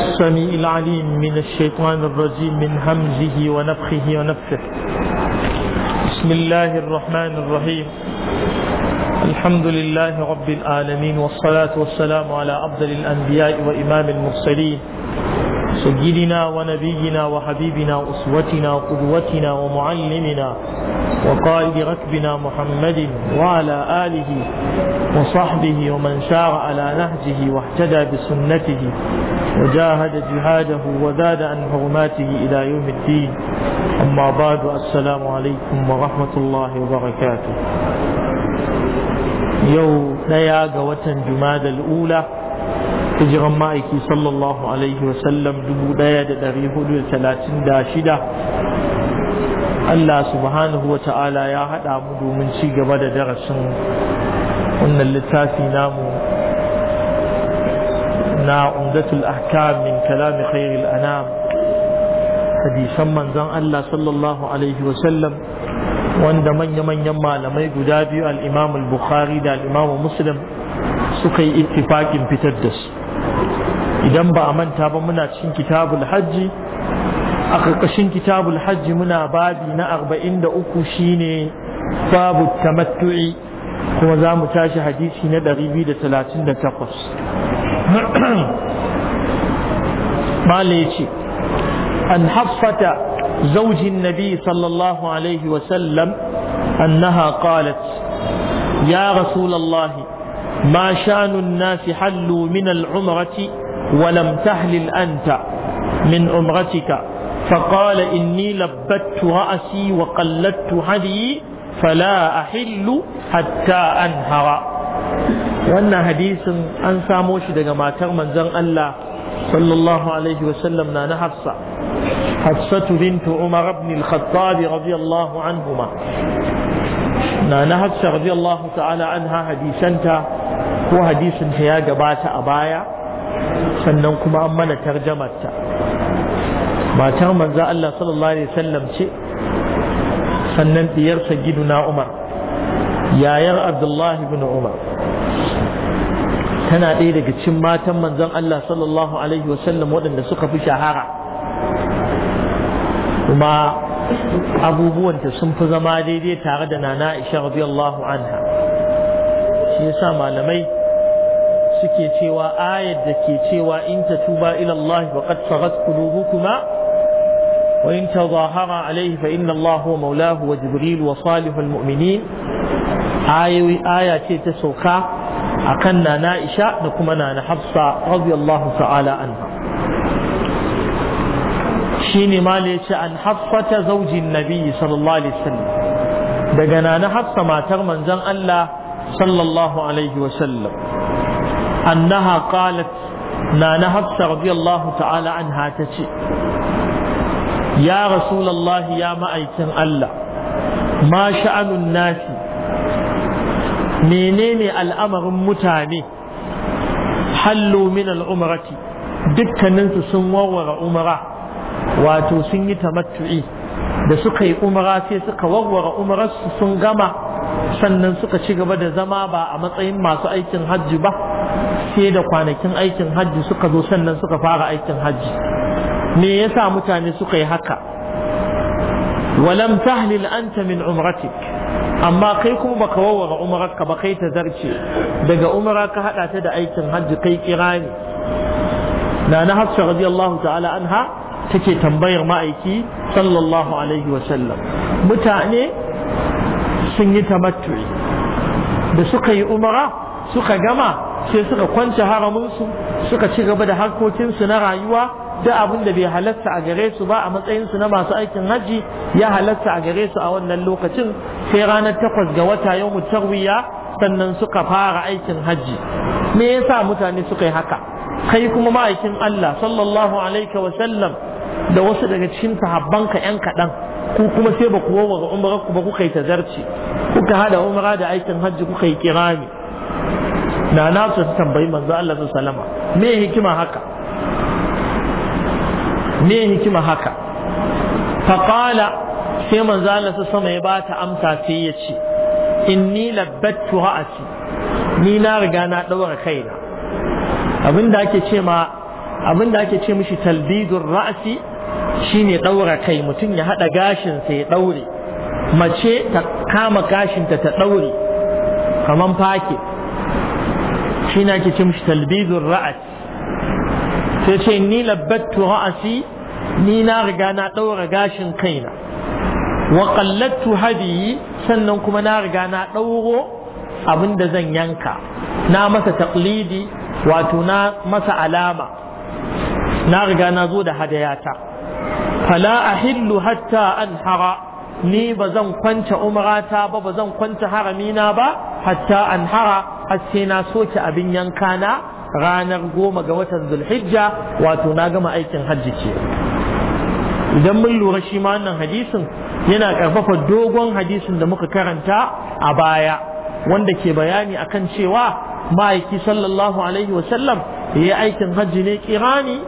السميع العليم من الشيطان الرجيم من همزه ونفخه ونفخه بسم الله الرحمن الرحيم الحمد لله رب العالمين والصلاة والسلام على أفضل الأنبياء وإمام المرسلين سيدنا ونبينا وحبيبنا أسوتنا وقدوتنا ومعلمنا وقائد ركبنا محمد وعلى آله وصحبه ومن شار على نهجه واهتدى بسنته وجاهد جهاده وزاد عن حرماته إلى يوم الدين أما بعد السلام عليكم ورحمة الله وبركاته يوم لا يا جماد الأولى hijiran ma'aiki sallallahu alaihi wasallam 1436 Allah subhanahu wa ta'ala ya haɗa mu domin ci gaba da darasin wannan littafi namu na undatul ahkam min kalami khairil anam hadisan manzon Allah sallallahu alaihi wasallam wanda manya-manyan malamai guda biyu al-imam al-bukhari da al-imam muslim suka yi ittifaqin fitar da su idan ba a manta ba muna cikin kitabul hajji a ƙarƙashin kitabul hajji muna babi na arba'in da uku shine babu tamattu'i kuma za mu tashi hadisi na ɗari biyu da talatin da takwas mala ce an haffata zaujin nabi sallallahu alaihi wasallam annaha qalat ya rasulallah ما شأن الناس حلوا من العمرة ولم تحلل أنت من أمرتك فقال إني لبت رأسي وقلدت هدي فلا أحل حتى أنهر wannan hadisin an samo shi daga matar manzon Allah sallallahu alaihi wasallam na na Hafsa Hafsatu bintu Umar ibn al-Khattab radiyallahu anhuma na na Hafsa radiyallahu ta'ala anha hadisanta ko hadisin ta ya gabata a baya sannan kuma an mana tarjamarta matar manza Allah sallallahu alaihi wasallam ce sannan diyarsa na Umar yayar Abdullahi ibn Umar tana ɗaya daga cikin matan manzon Allah sallallahu alaihi wasallam waɗanda suka fi shahara kuma abubuwanta sun fi zama daidai tare da nana Aisha radiyallahu anha shi yasa malamai suke cewa ayar da ke cewa in ta tuba ila Allah wa qad saghat qulubukuma wa in tazahara alayhi fa inna Allah huwa maulahu wa jibril wa salihul mu'minin ayoyi aya ce ta sauka akan nana Aisha da kuma nana Hafsa radiyallahu ta'ala anha shine ma ne yace an haffata zaujin nabi sallallahu alaihi wasallam daga nana Hafsa matar manzon Allah sallallahu alaihi wasallam أنها قالت نانا حفصة رضي الله تعالى عنها تشي يا رسول الله يا مأيكن الله ما شأن الناس منين الأمر متاني حلوا من العمرة dukkaninsu sun warware umara wato sun yi matu'i, da suka yi umara sai suka warware umararsu sun gama sannan suka ci gaba da zama ba a matsayin masu aikin hajji ba sai da kwanakin aikin hajji suka zo sannan suka fara aikin hajji me yasa mutane suka yi haka walam tahlil anta min umratik amma kai kuma baka wawara umrarka ba kai ta zarce daga umra ka hada ta da aikin hajji kai kirani na na hafsa radiyallahu ta'ala anha take tambayar ma'aiki sallallahu alaihi wa sallam mutane sun yi tamattu da suka yi umra suka gama sai suka kwance haramunsu, suka ci gaba da harkokinsu na rayuwa da abin da bai halatta a gare su ba a matsayinsu na masu aikin hajji ya halatta a gare su a wannan lokacin sai ranar takwas ga wata yau tarwiya sannan suka fara aikin hajji me yasa mutane suka yi haka kai kuma ma'aikin Allah sallallahu alaihi wa sallam da wasu daga cikin sahabbanka yan kaɗan ku kuma sai ba ku wawa ku ba kuka yi tazarci kuka hada umara da aikin hajji kuka yi kirami na na su tambayi manzo Allah su salama me hikima haka me hikima haka faqala sai manzo Allah su sama ya bata amsa sai ya ce inni labbattu ra'ati ni na riga na daura kaina abinda ake ce ma abinda ake ce mishi talbidur ra'si shine daura kai mutum ya hada gashin sa ya daure mace ta kama gashinta ta daure kaman fake shi na ke ce mishi talbizun ra'as sai ce ni labbattu ra'asi ni na riga na ɗaura gashin kaina wa qallattu hadiyi sannan kuma na riga na ɗauro abin da zan yanka na masa taqlidi wato na masa alama na riga na zo da hadayata fala ahillu hatta hara. ni ba zan kwanta umrata ba ba zan kwanta haramina ba hatta an hara har sai na soke abin yanka na ranar goma ga watan zulhijja wato na gama aikin hajji ce idan mun lura shi ma wannan hadisin yana karfafa dogon hadisin da muka karanta a baya wanda ke bayani akan cewa ma'aiki sallallahu alaihi wasallam ya yi aikin hajji ne kirani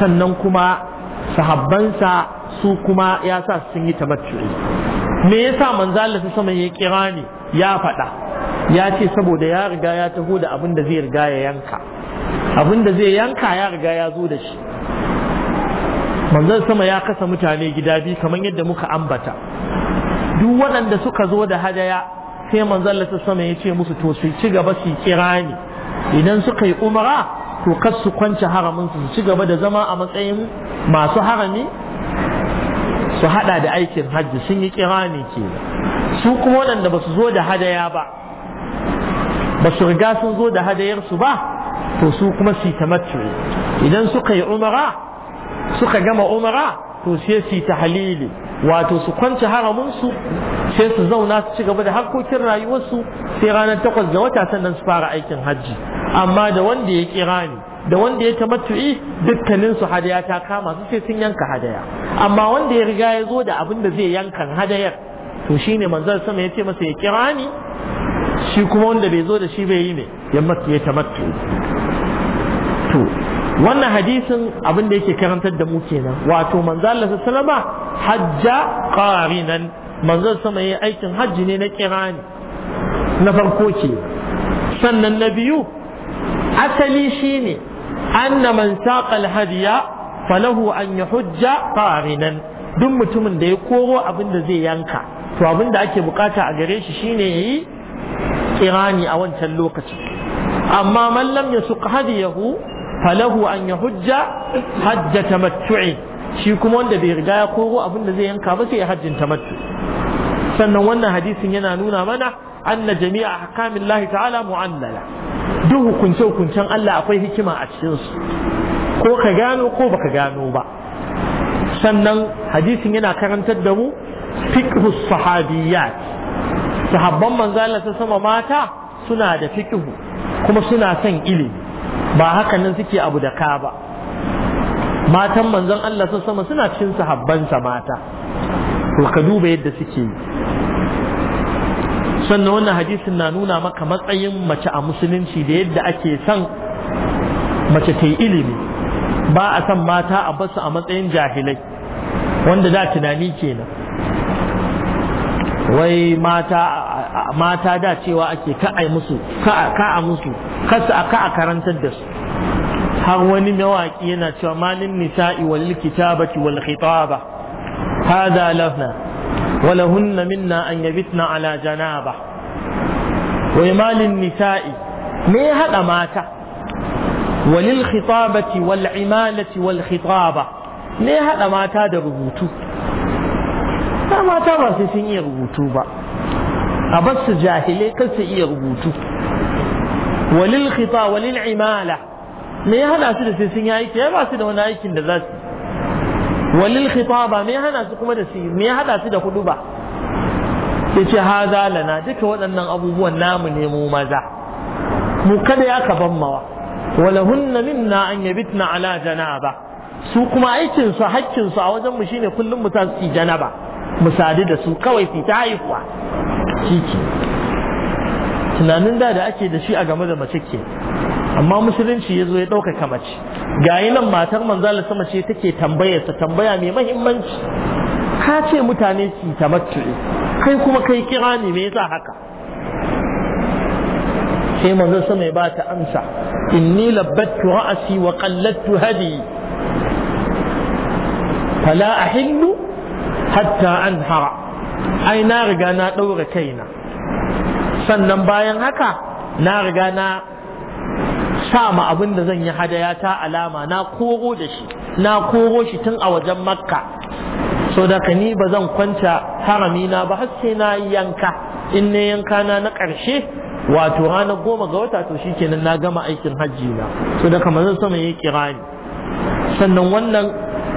sannan kuma sahabbansa su kuma ya sa sun yi tamattu'i me yasa manzo Allah sama ya kira ni ya faɗa ya ce saboda ya riga ya taho da abin da zai riga ya yanka abin da zai yanka ya riga ya zo da shi manzon sama ya kasa mutane gida biyu kamar yadda muka ambata duk waɗanda suka zo da hadaya sai manzon Allah sama ya ce musu to su ci gaba su kira ni idan suka yi umara to kar su kwance haramin su ci gaba da zama a matsayin masu harami su hada da aikin hajji sun yi kirani ke su kuma waɗanda ba su zo da hadaya ba ba su riga sun zo da hadayarsu ba to su kuma su tamattu idan suka yi umara suka gama umara to sai su ta halili wato su kwanci haramunsu, sai su zauna su ci gaba da harkokin rayuwarsu sai ranar takwas da wata sannan su fara aikin hajji amma da wanda ya kirani da wanda ya tamattu'i dukkanin su hadaya ta kama su sai sun yanka hadaya amma wanda ya riga ya zo da abin da zai yankan hadayar to shine manzon sama ya ce masa ya kira ni shi kuma wanda bai zo da shi bai yi ne ya ya tamattu to wannan hadisin abin da yake karantar da mu kenan wato manzon Allah sallama hajja qarinan manzon sama yayi aikin hajji ne na kirani na farko ke sannan na biyu asali shine anna man saqa alhadiya falahu an yahujja qarinan duk mutumin da ya koro abin da zai yanka to abin da ake bukata a gare shi shine yayi kirani a wancan lokacin amma mallam ya suka hadiyahu falahu an yahujja hajja tamattu'i shi kuma wanda bai riga ya koro abin da zai yanka ba sai ya hajjin tamattu sannan wannan hadisin yana nuna mana anna jami'a ahkamillahi ta'ala mu'allala duk hukunce-hukuncen Allah akwai hikima a cikinsu ko ka gano ko baka gano ba sannan hadisin yana karantar da mu fiqhu sahabiyyat sahabban manzo Allah ta sama mata suna da fiqhu kuma suna son ilimi ba haka nan suke abu da ka ba matan manzon Allah ta sama suna cikin sahabban sa mata to ka duba yadda suke yi sannan wannan hadisin na nuna maka matsayin mace a musulunci da yadda ake son mace ta yi ilimi ba a son mata a basu a matsayin jahilai wanda da tunani kenan wai mata da cewa ake ka a musu ka a musu ka a karantar da su har wani mawaƙi yana cewa malin nisa'i wal kitabati wal khitaba hada lafna ولهن منا أن يبتن على جنابة وما للنساء ما هذا مات وللخطابة والعمالة والخطابة ما هذا مات هذا ربوتو ما مات ما سيسيني ربوتو با أبس جاهلي كسي ربوتو وللخطابة وللعمالة me ya hana su da sai sun yi aiki ya ba su da wani aikin da za su walil khitaba me hana su kuma da su me ya hada su da hudu ba yace ce haza lana duka waɗannan abubuwan namu ne mu maza mu kada ya ka ban mawa walahunna minna an yabitna ala janaba su kuma aikin su hakkin su a wajen mu shine kullum mu ta su janaba mu sadu da su kawai fita haihuwa shike tunanin da da ake da shi a game da mace ke amma musulunci ya zo ya ɗaukaka mace ga yi nan matar manzala sama ce take ta tambaya mai mahimmanci ka ce mutane su tamattu'i kai kuma kai kira ne me yasa haka sai manzo sama ya ba ta amsa inni labbattu ra'asi wa qallattu hadi fala ahillu hatta anhara ai na riga na ɗaura kaina sannan bayan haka na riga na sa ma abin da zan yi hadaya ta alama na koro da shi na koro shi tun a wajen makka so da ka ni ba zan kwanta harami na ba har sai na yanka in ne yanka na na ƙarshe wato ranar goma ga wata to kenan na gama aikin hajji na so da kamar zan sama ya kira ni sannan wannan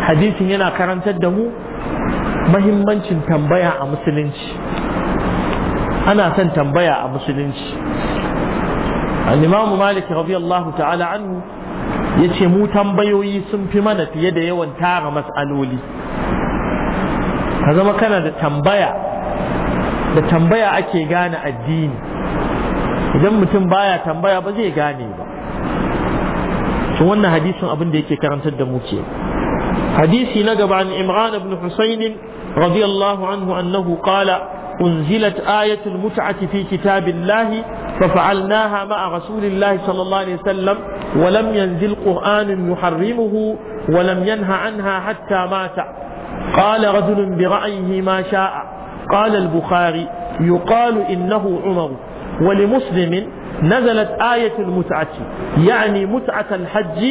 hadisin yana karantar da mu mahimmancin tambaya a musulunci ana son tambaya a musulunci A imam malik radiyallahu ta'ala anhu yace mu tambayoyi sun fi mana fiye da yawan tara mas'aloli ka zama kana da tambaya da tambaya ake gane addini idan mutum baya tambaya ba zai gane ba shi wannan hadisin abin da yake karantar da mu ke hadisi na gaba an imran ibn husayn radiyallahu anhu annahu qala أنزلت آية المتعة في كتاب الله ففعلناها مع رسول الله صلى الله عليه وسلم ولم ينزل قرآن يحرمه ولم ينه عنها حتى مات قال رجل برأيه ما شاء قال البخاري يقال إنه عمر ولمسلم نزلت آية المتعة يعني متعة الحج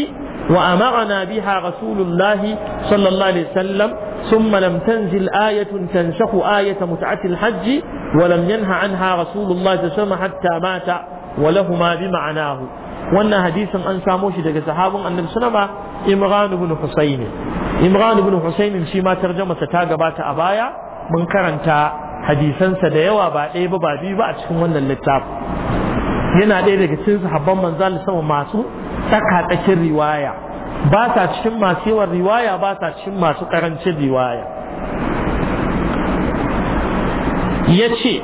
وأمرنا بها رسول الله صلى الله عليه وسلم ثم لم تنزل آية تنسخ آية متعة الحج ولم ينهى عنها رسول الله صلى الله عليه وسلم حتى مات ولهما بمعناه وأن حديثا أن ساموش دقى صحاب أن السلام إمران بن حسين إمران بن حسين في ما ترجمة تتاقبات أبايا من كرنتا حديثا سديوا بعدي ببعدي بأتكم وأن اللتاب هنا دقى تنسح بمن ذال سوى ماسو تكهت أشر رواية ba sa cikin masu yawan riwaya ba sa cikin masu karancin riwaya ya ce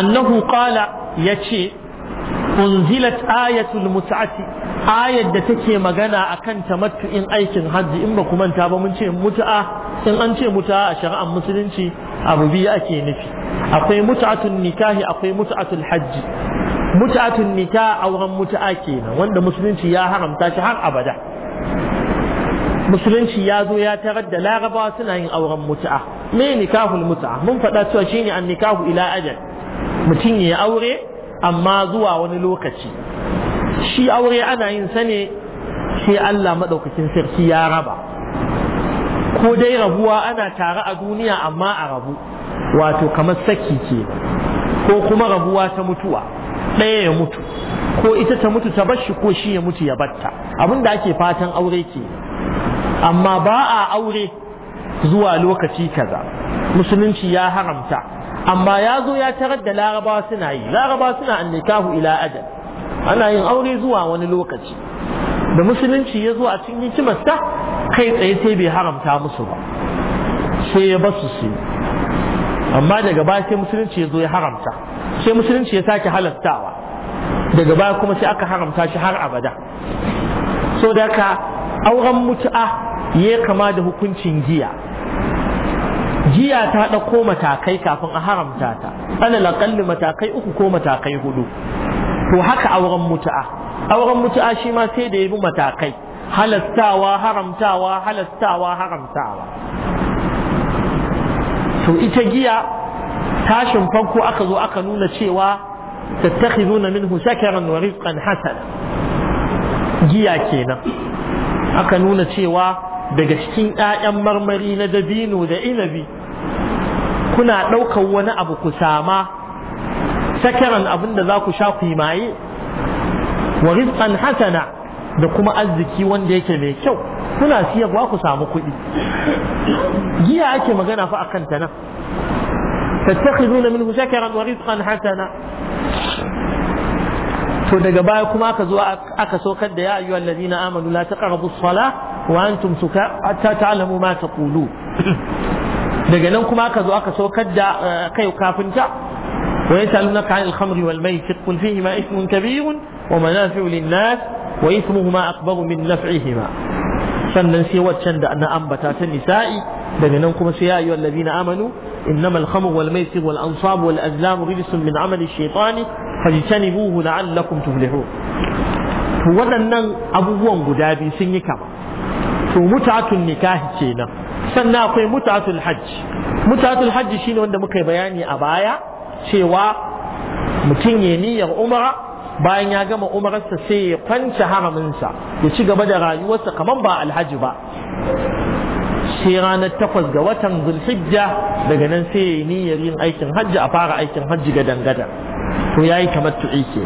annahu qala ya ce unzilat ayatul mut'ati ayar da take magana akan tamattu'in aikin hajji in ba kuma manta ba mun ce mutu'a in an ce mutu'a a shari'ar musulunci abu biyu ake nufi akwai mut'atun nikahi akwai mut'atul hajji mut'atun a auren mutu'a kenan wanda musulunci ya haramta shi har abada musulunci ya zo ya tarar da larabawa suna yin auren mutu'a me nikahul mutu'a mun faɗa cewa shine an nikahu ila ajal mutum ya aure amma zuwa wani lokaci shi aure ana yin sa ne sai Allah madaukakin sarki ya raba ko dai rabuwa ana tare a duniya amma a rabu wato kamar saki ke ko kuma rabuwa ta mutuwa ɗaya ya mutu ko ita ta mutu ta bashi ko shi ya mutu ya batta abin da ake fatan aure ke amma ba a aure zuwa lokaci kaza musulunci ya haramta amma ya zo ya tarar da larabawa suna yi larabawa suna annikahu ila ajal ana yin aure zuwa wani lokaci da musulunci ya zo a cikin hikimarsa kai tsaye sai bai haramta musu ba sai ya basu su amma daga baya sai musulunci ya zo ya haramta sai musulunci ya sake halastawa daga baya kuma sai aka haramta shi har abada so da ka auren mutu'a ya kama da hukuncin giya giya ta ɗauko matakai kafin a haramta ta alal aƙalli matakai uku ko matakai hudu to haka auren mutu'a auren mutu'a shi ma sai da ya bi matakai halastawa haramtawa halastawa haramtawa to ita giya tashin farko aka zo aka nuna cewa tattakhizuna minhu shakaran wa rizqan hasan giya kenan aka nuna cewa daga cikin ƴaƴan marmari na dabino da inabi kuna ɗaukar wani abu ku sama shakaran abinda da za ku sha ku yi maye wa rizqan hasana da kuma arziki wanda yake mai kyau kuna siyarwa ku samu kuɗi giya ake magana fa akan ta nan تتخذون منه شكرا ورزقا حسنا to daga baya kuma aka zo aka saukar da ya ayyuha allazina amanu la taqrabu as-salah wa antum suka hatta ta'lamu ma taqulu daga nan kuma aka zo aka saukar da kai kafinta wa yasalunaka 'anil khamri wal maisir qul fihi ma ithmun kabirun wa manafi'u lin-nas wa ithmuhuma akbaru min naf'ihima sannan sai waccan da na ambata ta nisa'i daga nan kuma sai ya ayyuha allazina amanu إنما الخمر والميسر والأنصاب والأزلام رجس من عمل الشيطان فاجتنبوه لعلكم تفلحون waɗannan abubuwan guda biyu sun yi kama to mut'atul nikahi kenan sannan akwai mut'atul hajj mut'atul hajj shine wanda muka yi bayani a baya cewa mutum ya niyyar umara bayan ya gama umararsa sai ya kwance haraminsa ya ci gaba da rayuwarsa kamar ba alhaji ba sai ranar takwas ga watan zulhijja daga nan sai ya yi niyyar yin aikin hajji a fara aikin hajji ga dangada to yi kamar tu'i ke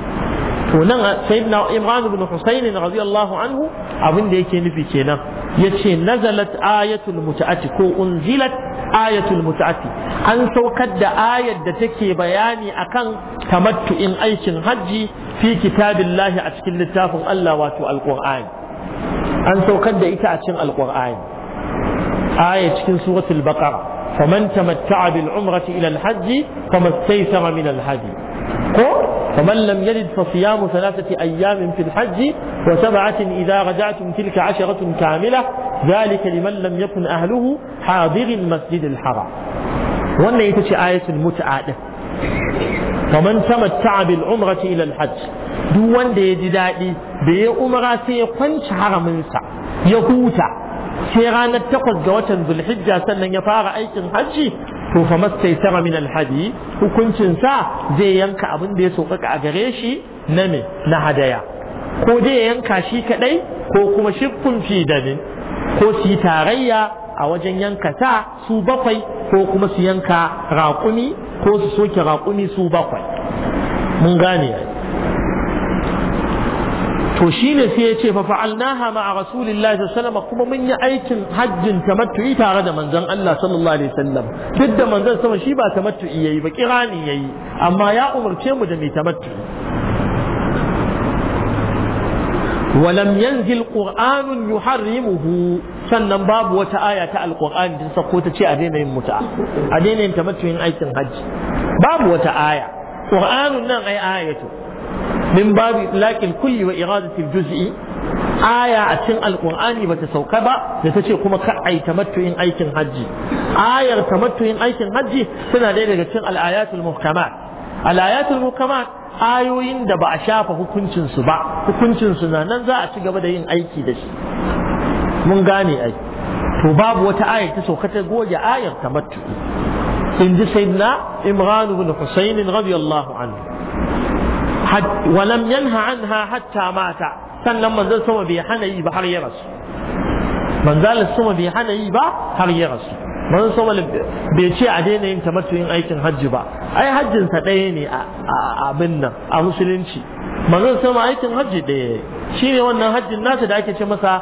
to nan na imran ibn husayn radiyallahu anhu abin da yake nufi kenan yace nazalat ayatul mutaati ko unzilat ayatul mutaati an saukar da ayar da take bayani akan tamattu'in aikin hajji fi kitabillahi a cikin littafin Allah wato alqur'ani an saukar da ita a cikin alqur'ani آية cikin سورة البقرة فمن تمتع بالعمرة إلى الحج فما استيسر من الحج فمن لم يجد فصيام ثلاثة أيام في الحج وسبعة إذا رجعتم تلك عشرة كاملة ذلك لمن لم يكن أهله حاضر المسجد الحرام وأن يتشي آية المتعة فمن تمتع بالعمرة إلى الحج دون دي دي بي أمرا سيقنش حرم يهوتا sai ranar takwas ga watan zulhijja sannan ya fara aikin hajji to fa mastaisara min alhadi hukuncin sa zai yanka abin da ya sokaka a gare shi na me na hadaya ko dai ya yanka shi kadai ko kuma shifkun fi damin ko su yi tarayya a wajen yanka sa su bakwai ko kuma su yanka raƙumi ko su soke raƙumi su bakwai mun gane to shi ne sai ya ce fa fa'alnaha ma'a rasulillahi sallallahu alaihi wasallam kuma mun yi aikin hajjin tamattu'i tare da manzon Allah sallallahu alaihi wasallam duk da manzon sama shi ba tamattu'i yayi ba kirani yayi amma ya umarce mu da mai tamattu'i ولم ينزل قرآن يحرمه sannan babu wata aya ta alkur'ani ta sako ta ce a daina yin muta a daina yin yin aikin hajji babu wata aya qur'anun nan ai ayatu min babu itlaqil kulli wa iradatil juz'i aya a cikin alqur'ani bata sauka ba da ta ce kuma ka ai tamattu'in aikin hajji ayar tamattu'in aikin hajji tana daya daga cikin al-ayatul muhkamat al-ayatul ayoyin da ba a shafa hukuncin ba Hukuncinsu na nan za a ci gaba da yin aiki da shi mun gane ai to babu wata ayar ta sauka ta goge ayar tamattu'i in ji sayyidina imran ibn husayn radiyallahu anhu Wa ولم ينه عنها hatta mata sannan manzon sama bai hana yi ba har ya rasu manzalin sama bai hana yi ba har ya rasu manzon sama bai ce a daina yin tamattuyin aikin hajji ba ai hajjinsa ɗaya ne a abin nan a musulunci manzon sama aikin hajji ɗaya shi ne wannan hajjin nata da ake ce masa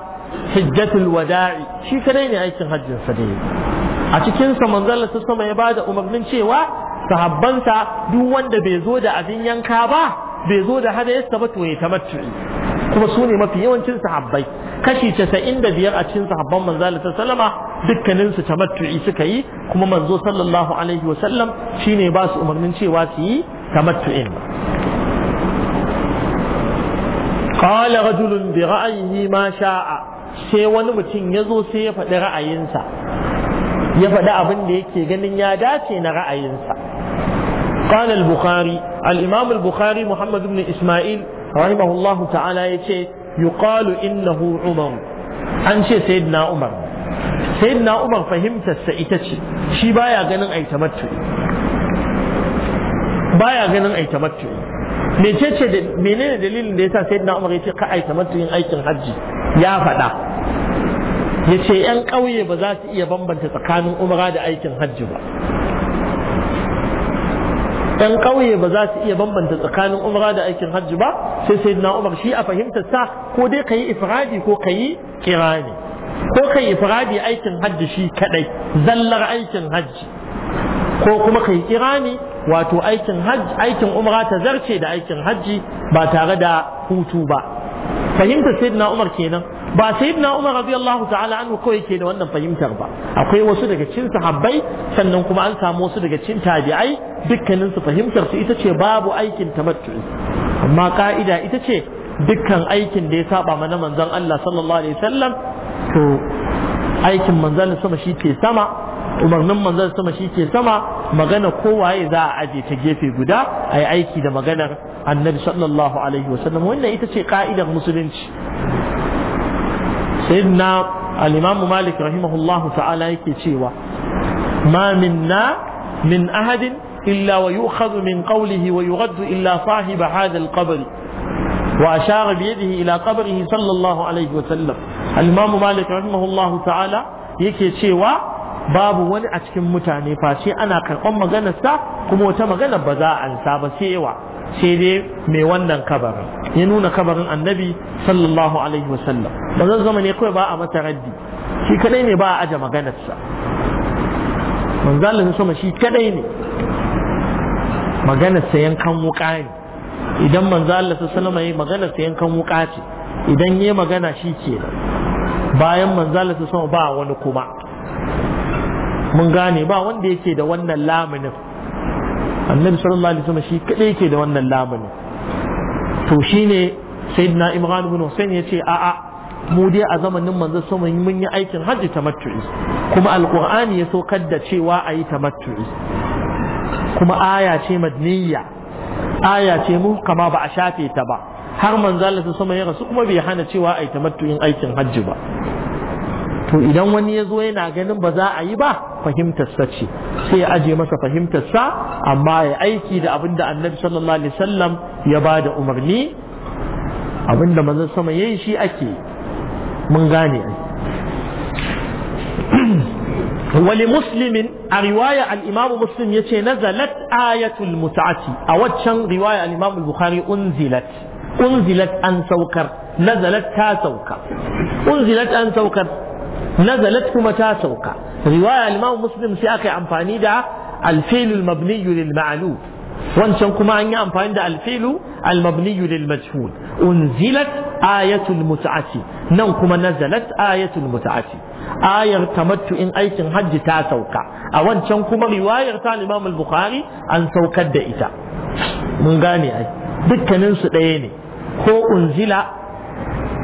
hijjatul wada'i shi kadai ne aikin hajjinsa ɗaya a cikinsa manzalin sama ya bada umarnin cewa sahabbansa duk wanda bai zo da abin yanka ba bai zo da hada yasta ba to ya tamattu'i kuma sune mafi yawancin sahabbai kashi casa'in da biyar a cikin sahabban manzo ta sallama dukkanin su suka yi kuma manzo sallallahu alaihi wa sallam shine ba su umarnin cewa su yi in qala rajulun bi ra'ayi ma sha'a sai wani mutum ya zo sai ya faɗi ra'ayinsa ya faɗi abin da yake ganin ya dace na ra'ayinsa قال البخاري الإمام البخاري محمد بن إسماعيل رحمه الله تعالى يشي يقال إنه عمر أن سيدنا عمر سيدنا عمر فهمت السئتشي شي بايا غنن أي تمتع بايا غنن أي تمتع mecece da menene dalilin da yasa sayyidina Umar ce ka aika mutumin aikin hajji ya faɗa yace yan ƙauye ba za su iya bambanta tsakanin umara da aikin hajji ba yan ƙauye ba za su iya bambanta tsakanin umra da aikin hajji ba sai sai na umar shi a fahimtar sa ko dai ka yi ifradi ko ka yi kirani ko ka yi ifradi aikin hajji shi kadai zallar aikin hajji ko kuma ka yi kirani wato aikin hajji aikin umra ta zarce da aikin hajji ba tare da hutu ba fahimta sayyidina Umar kenan ba sayyidina Umar radiyallahu ta'ala anhu kawai ke da wannan fahimtar ba akwai wasu daga cikin sahabbai sannan kuma an samu wasu daga cin tabi'ai dukkanin su fahimtar su ita ce babu aikin tamattu'i amma ka'ida ita ce dukkan aikin da ya saba mana manzon Allah sallallahu alaihi wasallam to aikin manzon sama shi ke sama umarnin manzon sama shi ke sama magana kowaye za a aje ta gefe guda a yi aiki da maganar annabi sallallahu alaihi wasallam wannan ita ce ka'idar musulunci sayyidina na imam malik rahimahullahu ta'ala yake cewa ma minna min ahadin illa wa yu'khadhu min qawlihi wa yuraddu illa sahib hadha al-qabr wa ashara bi yadihi ila qabrihi sallallahu alaihi wasallam al-imam malik rahimahullahu ta'ala yake cewa babu wani a cikin mutane face ana karɓar maganarsa kuma wata maganar ba za a ansa ba sai yawa sai dai mai wannan kabarin ya nuna kabarin annabi sallallahu alaihi wasallam ba zan zama ne kawai ba a masa raddi shi kadai ne ba a aje maganarsa manzalin sama shi kadai ne maganarsa yankan wuka ne idan manzalin sallama ya yi maganarsa yankan wuka ce idan ya magana shi ke bayan manzalin sama ba wani kuma mun gane ba wanda yake da wannan lamunin annabi sallallahu alaihi wasallam shi kadai yake da wannan lamunin to shine sayyidina imran ibn husayn yace a a mu dai a zamanin manzo sama mun yi aikin hajji tamattu'i kuma alqur'ani ya saukar da cewa ayi tamattu'i kuma aya ce madniyya aya ce mu kama ba a shafe ta ba har manzo alaihi sama ya rasu kuma bai hana cewa ayi tamattu'in aikin hajji ba to idan wani ya zo yana ganin ba za a yi ba fahimtarsa ce sai ya aje masa fahimtarsa amma ya aiki da abin da annabi sallallahu alaihi wasallam ya ba da umarni abin da manzon sama ya yi shi ake mun gane wali muslimin a riwaya al-imam muslim yace nazalat ayatul mut'ati a waccan riwaya al-imam bukhari unzilat unzilat an saukar nazalat ta sauka unzilat an saukar نزلت كما تاسوكا رواية الإمام مسلم في أخي أمفاني دا الفيل المبني للمعلوم وانشان كما أني أمفاني دا الفيل المبني للمجهول أنزلت آية المتعة نو نعم كما نزلت آية المتعة آية تمت إن أيت حج تاسوكا وانشان كما رواية تاع الإمام البخاري أن سوكا دئتا مغاني أي بكنا نسو ديني هو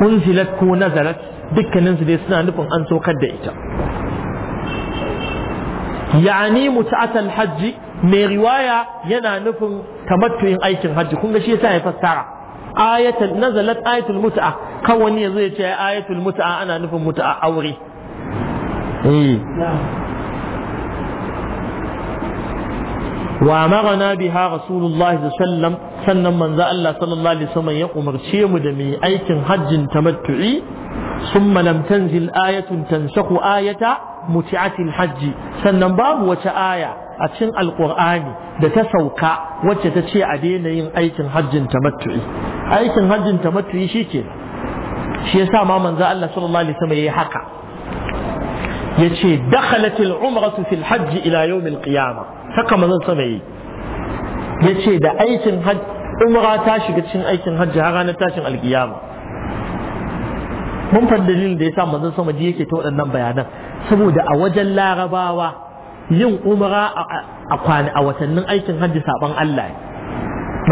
أنزلت كو نزلت dukkaninsu dai suna nufin an saukar da ita yani muta'atal hajji mai riwaya yana nufin tamattuyin aikin hajji kun ga shi yasa ya fassara ayatul nazalat ayatul mut'a kan wani yazo ya ce ayatul mut'a ana nufin mut'a aure eh wa amarna biha rasulullahi sallallahu alaihi wasallam sannan manzo Allah sallallahu alaihi wasallam ya umarce mu da mu aikin hajjin tamattu'i summa lam tanzil ayatun tansakhu ayata muti'atil hajji sannan babu wata aya a cikin alqur'ani da ta sauka wacce ta ce a daina yin aikin hajjin tamattu'i aikin hajjin tamattu'i shike shi yasa ma manzo Allah sallallahu alaihi wasallam yayi haka yace dakhalatil umratu fil hajji ila yawmil qiyamah haka manzo sallallahu ya ce da aikin umra ta shiga cikin aikin hajji har ranar tashin alkiyama mun fadda dalilin da ya sa manzon sama ji yake ta waɗannan bayanan saboda a wajen larabawa yin umra a kwana a watannin aikin hajji saban Allah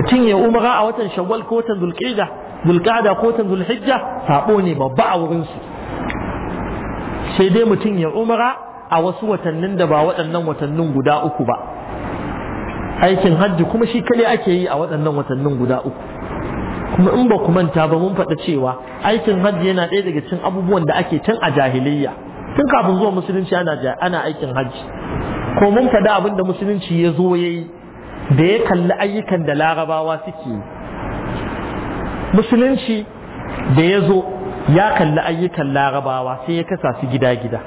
ne mutum ya umra a watan shawwal ko watan zulqa'da zulqa'da ko watan zulhijja sabo ne babba a wurin su sai dai mutum ya umra a wasu watannin da ba waɗannan watannin guda uku ba aikin hajji kuma shi kale ake yi a waɗannan watannin guda uku kuma in ba ku manta ba mun faɗa cewa aikin hajji yana ɗaya daga cikin abubuwan da ake tun a jahiliyya tun kafin zuwa musulunci ana ana aikin hajji ko mun faɗa abin da musulunci ya zo ya yi da ya kalli ayyukan da larabawa suke yi musulunci da ya zo ya kalli ayyukan larabawa sai ya kasa su gida-gida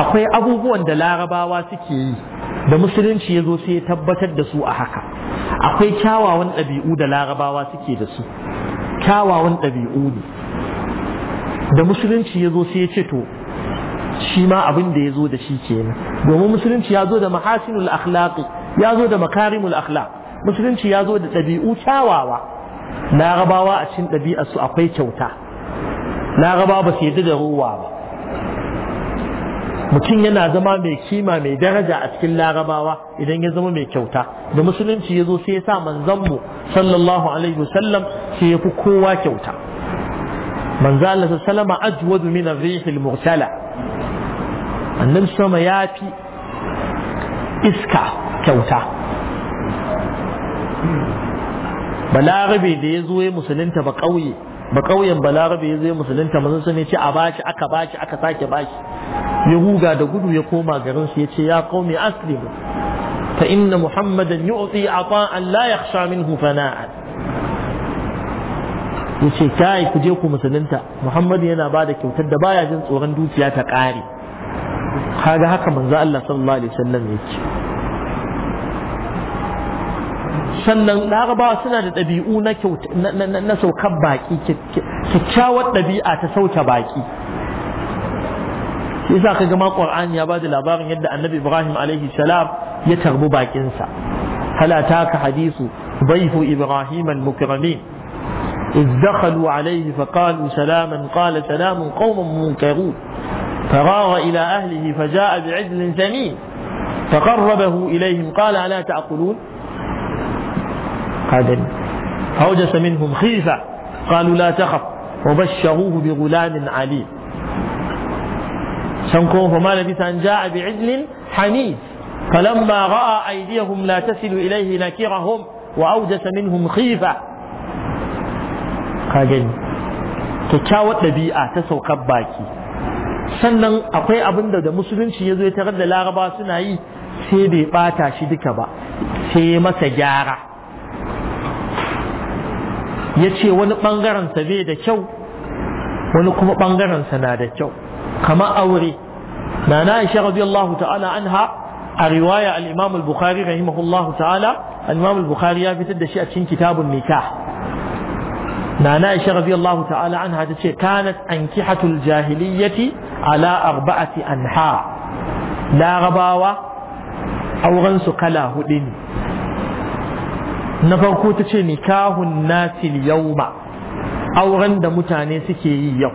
akwai abubuwan da larabawa suke yi da musulunci ya zo sai ya tabbatar da su a haka akwai kyawawan ɗabi'u da larabawa suke da su kyawawan ɗabi'u ne da musulunci ya zo sai ya ce to shi ma abin da ya zo da shi kenan domin musulunci ya zo da mahasinul akhlaqi ya zo da makarimul akhlaq musulunci ya zo da ɗabi'u kyawawa larabawa a cikin su akwai kyauta larabawa ba su yadda da ruwa ba mutum yana zama mai kima mai daraja a cikin larabawa idan ya zama mai kyauta da musulunci ya zo sai ya sa manzanmu sallallahu alaihi wasallam sai ya fi kowa kyauta manzo Allah sallama ajwadu min ar-rihil mursala annabi sama ya fi iska kyauta balarabe da ya zo ya musulunta ba ƙauye ba ƙauyen balarabe ya zai musulunta mazan sun ce a bashi aka bashi aka sake bashi ya huga da gudu ya koma garin su ya ce ya qaumi aslimu Ta inna muhammadan yu'ti ata'an la yakhsha minhu Ya ce kai ku je ku musulunta Muhammadu yana ba da kyautar da baya jin tsoron dukiya ta ƙare kaga haka manzo Allah sallallahu alaihi wasallam yake sannan larabawa suna da ɗabi'u na saukar baƙi kyakkyawar ɗabi'a ta sauke baƙi shi yasa kaga ma qur'ani ya bada labarin yadda annabi ibrahim alaihi salam ya tarbi baƙinsa hala ta ka hadisu ضيف إبراهيم المكرمين إذ دخلوا عليه فقالوا سلاما قال سلام قوم منكرون فراغ إلى أهله فجاء بعجل سمين فقربه إليهم قال ألا تأكلون أحدا فوجس منهم خيفة قالوا لا تخف وبشروه بغلام عليم شنكم فما لبث أن جاء بعجل حنيف فلما رأى أيديهم لا تصل إليه نكرهم وأوجس منهم خيفة قال kyakkyawar ɗabi'a ta saukar baki sannan akwai abin da da musulunci ya zo ya tarar da laraba suna yi sai bai ɓata shi duka ba sai masa gyara ya ce wani ɓangarensa bai da kyau wani kuma ɓangarensa na da kyau kama aure na na isha radiyallahu ta'ala anha a riwaya al-imam al-bukhari rahimahullahu ta'ala al-imam al-bukhari ya fitar da shi a cikin kitabun nikah na na isha radiyallahu ta'ala anha ta ce kanat ankihatul jahiliyyati ala arba'ati anha larabawa auren su kala hudu ne na farko ta ce nikahun nasil yauma auren da mutane suke yi yau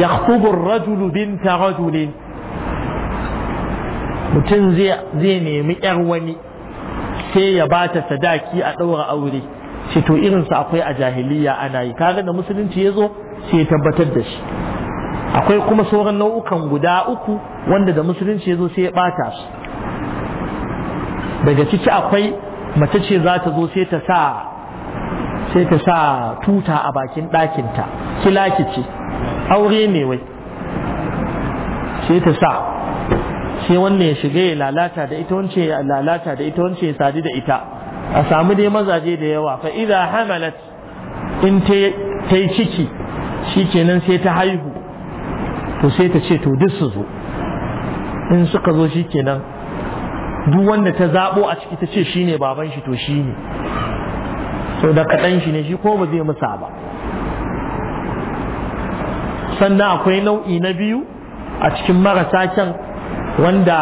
yakhtubu rajulu binta rajulin mutum zai nemi yar wani sai ya bata sadaki a ɗaura aure ce to irinsa akwai a jahiliya ana yi kaga da musulunci ya zo sai ya tabbatar da shi akwai kuma sauran nau'ukan guda uku wanda da musulunci ya zo sai ya ɓata su daga ciki akwai mace ce za ta zo sai ta sa sai ta sa tuta a bakin ɗakinta kilaki ce aure ne wai sai ta sa sai wannan ya shiga ya lalata da ita wance ya lalata da ita wance ya sadu da ita a samu dai mazaje da yawa fa idza hamalat in ta yi ciki shikenan sai ta haihu to sai ta ce to duk su zo in suka zo shi shikenan duk wanda ta zabo a ciki ta ce shine baban shi to shine so da kaɗan shi ne shi ko ba zai musa ba sannan akwai nau'i na biyu a cikin marasa kyan wanda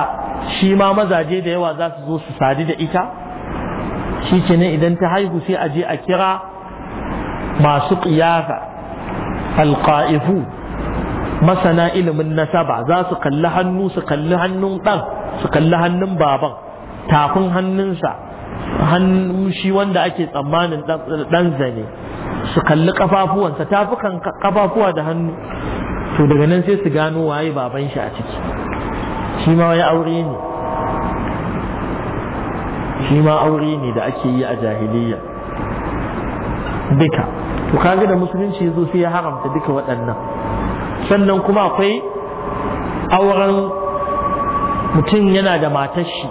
shi ma mazaje da yawa za su zo su sadu da ita shi kenan idan ta haihu sai a je a kira masu ƙiyafa alƙa'ifu masana ilimin nasaba za su kalli hannu su kalli hannun ɗan su kalli hannun baban tafin hannunsa hannun shi wanda ake tsammanin ɗan zane su kalli kafafuwansa tafukan kafafuwa da hannu to daga nan sai su gano waye baban shi a ciki shi ma wai aure ne shi ma aure ne da ake yi a jahiliya duka to kaga da musulunci yazo sai ya haramta duka waɗannan sannan kuma akwai auren mutum yana da matar shi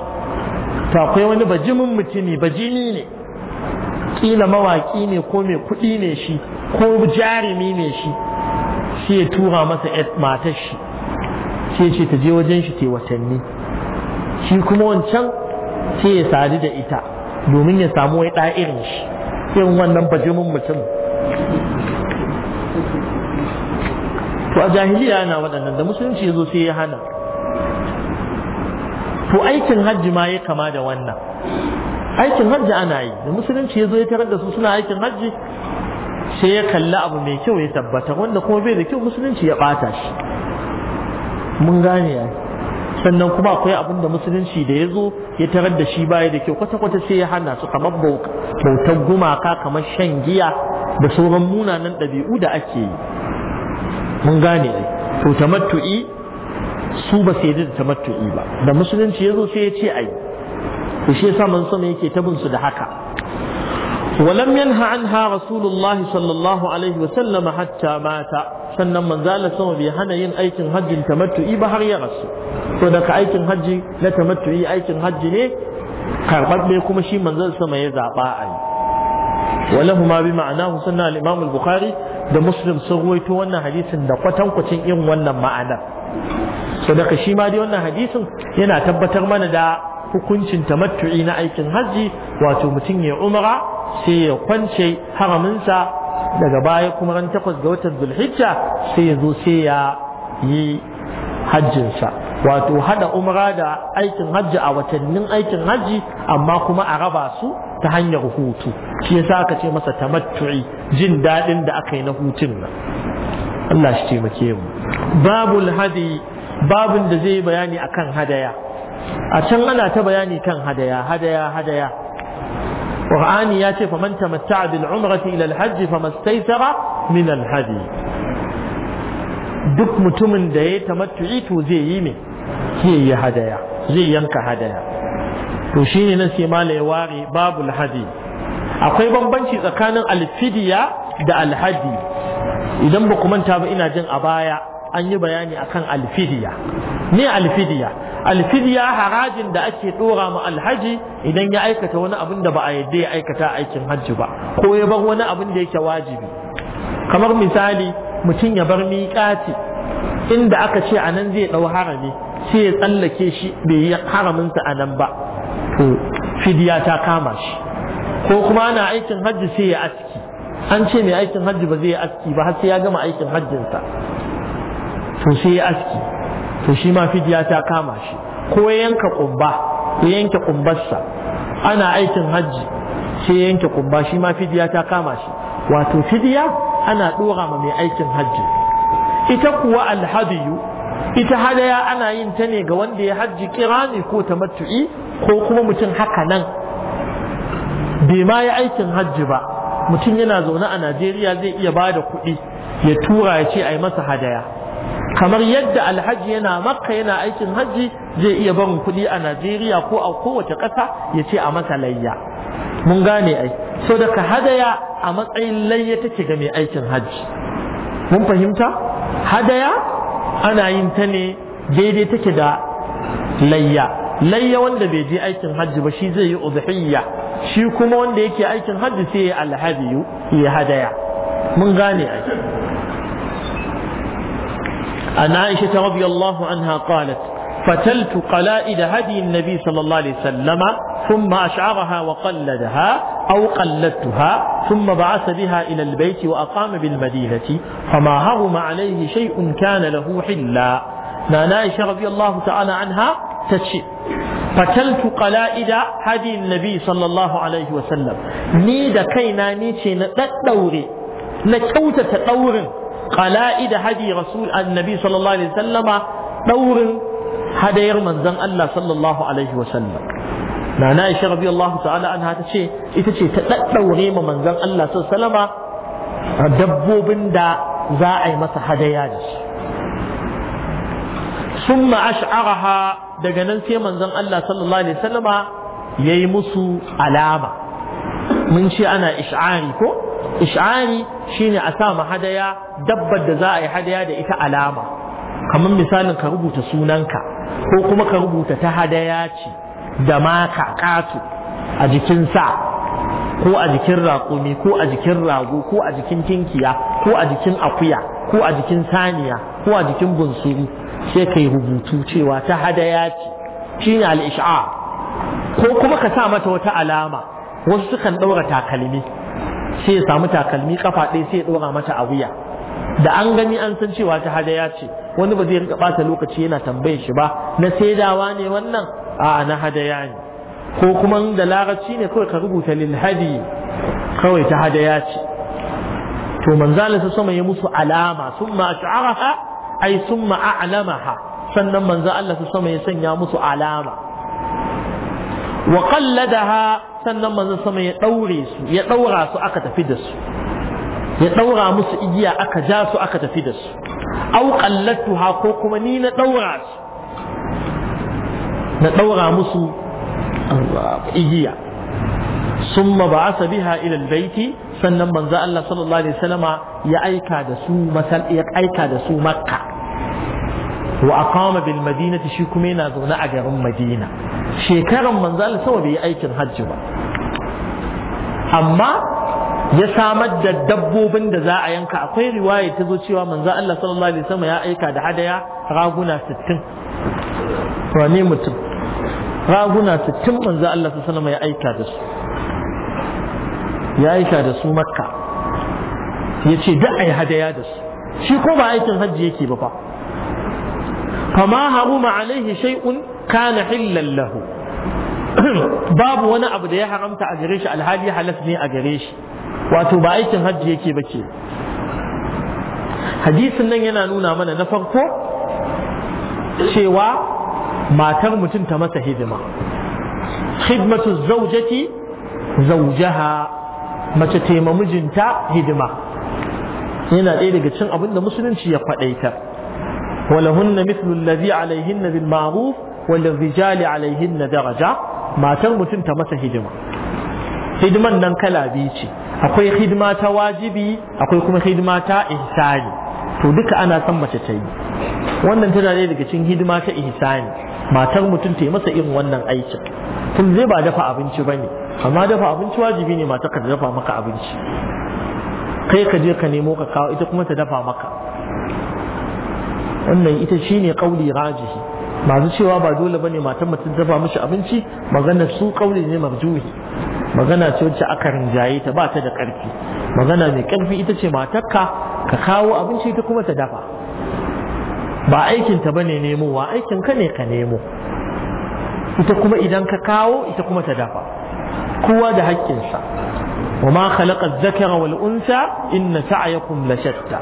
to akwai wani bajimin mutumi bajini ne kila mawaki ne ko mai kuɗi ne shi ko jarumi ne shi sai ya tura masa matar shi sai ce ta je wajen shi te watanni shi kuma wancan sai ya sadu da ita domin ya samu wai ɗa'irin shi irin wannan bajimin mutum to a jahiliya yana waɗannan da musulunci ya zo sai ya hana to aikin hajji ma ya kama da wannan aikin hajji ana yi da musulunci ya zo ya tarar da su suna aikin hajji sai ya kalli abu mai kyau ya tabbata wanda kuma bai da kyau musulunci ya bata shi mun gane ya sannan kuma akwai abin da musulunci da ya zo ya tarar da shi baya da kyau kwata-kwata sai ya hana su kamar bautar gumaka kamar shan giya da sauran munanan ɗabi'u da ake yi mun gane to tamattu'i su ba sai da tamattu'i ba da musulunci ya zo sai ya ce ai to shi yasa mun sama yake ta su da haka ولم ينه عنها رسول الله صلى الله عليه وسلم حتى مات sannan manzala sama bai hana yin aikin hajji tamattu'i ba har ya rasu to daga aikin hajji na tamattu'i aikin hajji ne karɓaɓɓe kuma shi manzal sama ya zaɓa a yi walahu ma bi ma'ana sannan bukhari da muslim sun ruwaito wannan hadisin da kwatankwacin yin wannan ma'ana so daga shi ma dai wannan hadisin yana tabbatar mana da hukuncin tamattu'i na aikin hajji wato mutum ya umra sai ya kwance haraminsa daga baya kuma ran takwas ga watan zulhijja sai ya zo sai ya yi hajjinsa wato hada umra da aikin hajji a watannin aikin hajji amma kuma a raba su ta hanyar hutu shi yasa aka ce masa tamattu'i jin daɗin da aka yi na hutun nan Allah shi taimake mu babul hadi babin da zai bayani akan hadaya a can ana ta bayani kan hadaya hadaya hadaya Qur'ani ya ce faman tamatta'a bil umrati ila al-hajj famastaysara min al-hadi duk mutumin da ya tamattu'i to zai yi ne zai yi hadaya zai yanka hadaya to shine nan sai malai ya ware babu alhadi akwai bambanci tsakanin alfidiya da alhadi idan ba ku manta ba ina jin a baya an yi bayani akan alfidiya ne alfidiya alfidiya harajin da ake dora ma alhaji idan ya aikata wani abin da ba a yadda ya aikata aikin hajji ba ko ya bar wani abin da yake wajibi kamar misali mutum ya bar miƙati inda aka ce a nan zai ɗau harami sai ya tsallake shi bai yi haraminsa a nan ba to fidiya ta kama shi ko kuma ana aikin hajji sai ya aski an ce mai aikin hajji ba zai yi aski ba har sai ya gama aikin hajjinsa to sai ya aski to shi ma fidiya ta kama shi ko yanka kumba ya yanke kumbarsa ana aikin hajji sai yanke kumba shi ma fidiya ta kama shi wato fidiya ana ɗora ma mai aikin hajji ita kuwa alhadiyu ita hadaya ana yin ta ne ga wanda ya hajji kira kirani ko ta matu'i ko kuma mutum haka nan bai ma ya aikin hajji ba mutum yana zaune a Najeriya zai iya ba da kuɗi ya tura ya ce a yi masa hadaya kamar yadda alhaji yana makka yana aikin hajji zai iya barin kuɗi a Najeriya ko a kowace ƙasa ya ce a masa layya mun gane ai so daga hadaya a matsayin layya take ga mai aikin hajji mun fahimta hadaya ana yin ta ne daidai take da layya layya wanda bai je aikin hajji ba shi zai yi udhiyya shi kuma wanda yake aikin hajji sai ya alhadiyu ya hadaya mun gane ai an aisha allahu anha qalat فتلت قلائد هدي النبي صلى الله عليه وسلم ثم أشعرها وقلدها أو قلدتها ثم بعث بها إلى البيت وأقام بالمدينة فما هرم عليه شيء كان له حلا نانا عائشة رضي الله تعالى عنها تشي فتلت قلائد هدي النبي صلى الله عليه وسلم نيد كينا ني نتدوري ندوري نكوت تدور قلائد هدي رسول النبي صلى الله عليه وسلم دور hadayar manzon Allah sallallahu alaihi wasallam na na Aisha radiyallahu ta'ala anha ta ce ita ce ta daddaure ma manzon Allah sallallahu alaihi wasallama dabbobin da za a yi masa hadaya da su summa ash'araha daga nan sai manzon Allah sallallahu alaihi wasallama yayi musu alama mun ce ana ish'ari ko ish'ari shine a sa hadaya dabbar da za a yi hadaya da ita alama kamar misalin ka rubuta sunanka ko kuma ka rubuta ta hadaya ce da maka ƙato a jikin sa ko a jikin raƙumi ko a jikin rago ko a jikin kinkiya ko a jikin akuya ko a jikin saniya ko a jikin bunsuru sai ka yi rubutu cewa ta hadaya ce shi ne al'isha ko kuma ka sa mata wata alama wasu sukan ɗaura takalmi sai ya samu takalmi kafa ɗaya sai ya ɗaura mata a wuya da an gani an san cewa ta hadaya ce wani ba zai rika bata lokaci yana tambayar shi ba na saidawa ne wannan a na hadaya ne ko kuma da larabci ne kawai ka rubuta lil hadi kawai ta hadaya ce to manzala sa sama ya musu alama summa ash'araha ay summa a'lamaha sannan manzo Allah sa sama ya sanya musu alama wa qalladaha sannan manzo sama ya daure su ya daura su aka tafi da su ya ɗaura musu igiya aka ja su aka tafi da su au qallatuha ko kuma ni na ɗaura su na ɗaura musu uh, igiya Suma ba'asa biha ila albayti sannan manzo Allah sallallahu alaihi wasallama ya aika da su masal ya aika da su makka wa aqama bil madinati shi kuma yana zaune a garin madina shekaran manzo Allah sawa bai aikin hajji ba amma ya samar da dabbobin da za a yanka akwai riwaya ta zo cewa manzo Allah sallallahu alaihi wasallam ya aika da hadaya raguna 60 Wani mutum raguna 60 manzo Allah sallallahu alaihi wasallam ya aika da su ya aika da su makka ce da ai hadaya da su shi ko ba aikin hajji yake ba fa fama haruma alaihi shay'un kana hillan lahu babu wani abu da ya haramta a gare shi alhali halas ne a gare shi wato ba aikin hajji yake ba ke hadisin nan yana nuna mana na farko cewa matar mutum ta masa hidima Hidimatu zaujati zaujaha mace taima mijinta hidima yana ɗaya daga cin abin da musulunci ya faɗaita walahunna mithlu allazi alaihinna bil ma'ruf wal rijali alaihinna daraja matar mutum ta masa hidima hidiman nan kala biyu ce akwai hidima ta wajibi akwai kuma hidima ta ihsani to duka ana san mace ta yi wannan tana da daga cikin hidima ta ihsani matar mutum ta yi masa irin wannan aikin tun zai ba dafa abinci ba ne amma dafa abinci wajibi ne mata ka dafa maka abinci kai ka je ka nemo ka kawo ita kuma ta dafa maka wannan ita shine kauli rajihi masu cewa ba dole bane matan mutum dafa mashi abinci magana su kauli ne marjuhi magana ce wacce aka rinjaye ta ba ta da karfi magana mai karfi ita ce matarka ka kawo abinci ita kuma ta dafa ba aikin ta bane wa aikin ka ne ka nemo ita kuma idan ka kawo ita kuma ta dafa kowa da haƙƙinsa وما خلق الذكر والأنثى إن سعيكم لشتى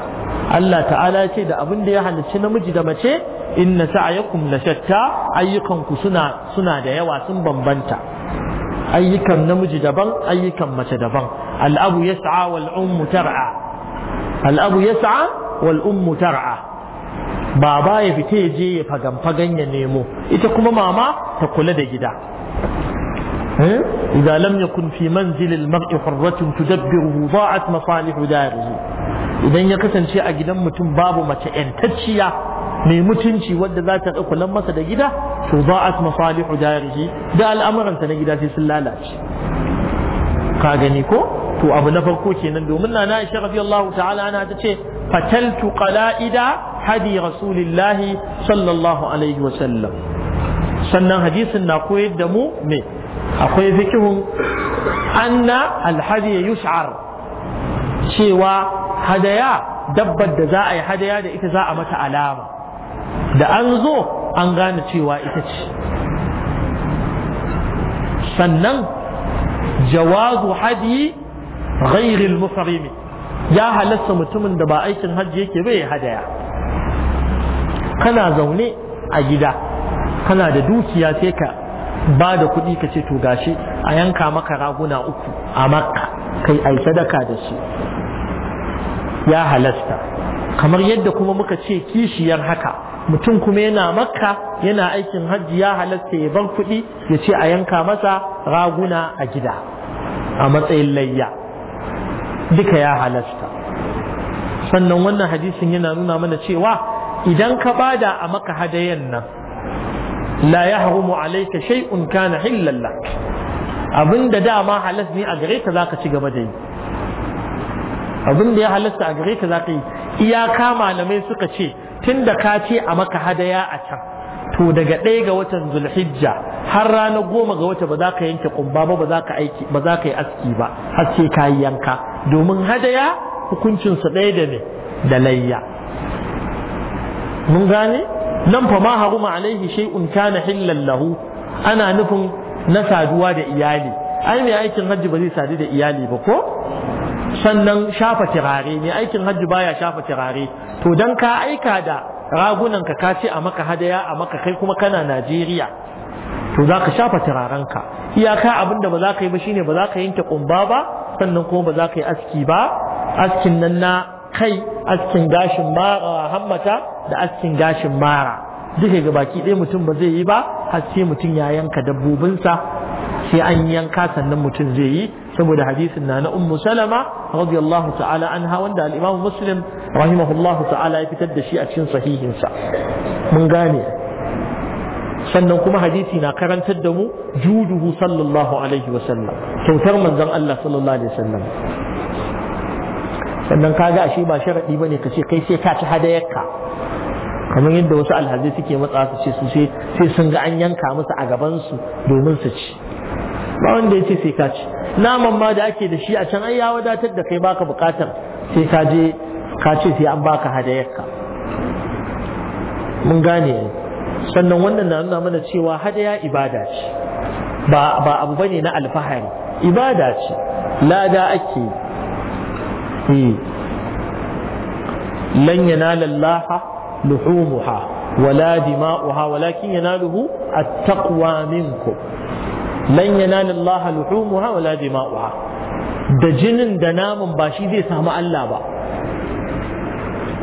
الله تعالى ce da abin da ya halicci namiji da mace inna sa'yakum lashatta ayyukanku suna suna da yawa sun bambanta ayyukan namiji daban ayyukan mace daban al'abu yas'a wal ummu tar'a al'abu yas'a wal ummu ya je ya fagan ya nemo ita kuma mama ta kula da gida إذا لم يكن في منزل المرء حرة تدبره ضاعت مصالح داره إذا يكسن شيء أجدا متن باب متأن تتشيا mai mutunci wadda za ta kulan masa da gida to za'at masalihu darihi da al'amuransa na gida sai sun lalace ka gani ko to abu na farko kenan domin na na isha radiyallahu ta'ala ana ta ce fataltu qala'ida hadi rasulillahi sallallahu alaihi wa sallam sannan hadisin na koyar da mu me akwai fikihun anna alhadi yush'ar cewa hadaya dabbar da za a yi hadaya da ita za a mata alama da an zo an gane cewa ita ce sannan jawazu hadi ghairil muhrimi ya halasta mutumin da ba aikin hajji yake bai hadaya kana zaune a gida kana da dukiya sai ka ba da kuɗi ka ce to gashi a yanka maka raguna uku a makka kai ai sadaka da shi ya halasta kamar yadda kuma muka ce kishiyar haka mutum kuma yana makka yana aikin hajji ya halasta ya bar kuɗi ya ce a yanka masa raguna a gida a matsayin layya duka ya halasta sannan wannan hadisin yana nuna mana cewa idan ka bada a maka hadayen nan la yahrumu alayka shay'un kana hillan lak abinda dama halas ne a gare ka zaka ci gaba da yi abinda ya halasta a gare ka zaka yi iyaka malamai suka ce tunda ka ce a maka hadaya a can to daga ɗaya ga watan zulhijja har ranar goma ga wata ba za ka yanke kumba ba ba za ka aiki ba za yi aski ba har sai ka yi yanka domin hadaya hukuncinsa ɗaya da ne da layya mun gane nan fa ma haruma alaihi shay'un kana hillan lahu ana nufin na saduwa da iyali ai mai aikin hajji ba zai sadu da iyali ba ko sannan shafa tirare me aikin hajji baya shafa tirare to dan ka aika da ragunan ka ka ce a maka hadaya a maka kai kuma kana Najeriya to za ka shafa turaren ka iyaka abin da ba za ka yi ba shine ba za ka yanke kumba ba sannan kuma ba za ka yi aski ba askin nan na kai askin gashin mara hammata da askin gashin mara duka ga baki ɗaya mutum ba zai yi ba har sai mutum ya yanka dabbobinsa sai an yanka sannan mutum zai yi saboda hadisin na na ummu salama radiyallahu ta'ala anha wanda al-imamu muslim rahimahullahu ta'ala ya fitar da shi a cikin sahihinsa mun gane sannan kuma hadisi na karantar da mu juduhu sallallahu alaihi wasallam kyautar manzon Allah sallallahu alaihi wasallam sannan ka ga ashe ba sharaɗi bane ce kai sai ka ci hadayarka kamar yadda wasu alhazai suke matsa su ce sai sun ga an yanka musu a gabansu domin su ci ba wanda ya ce sai ka ci naman ma da ake da shi a can ai ya wadatar da kai baka bukatar sai ka je ka ce sai an baka hadayarka mun gane sannan wannan na nuna mana cewa hadaya ibada ce ba abu bane na alfahari ibada ce lada ake lan yanala Allah luhumuha wala dima'uha walakin yanaluhu at-taqwa minkum lan yanala Allah luhumuha wala dima'uha da jinin da naman ba shi zai samu Allah ba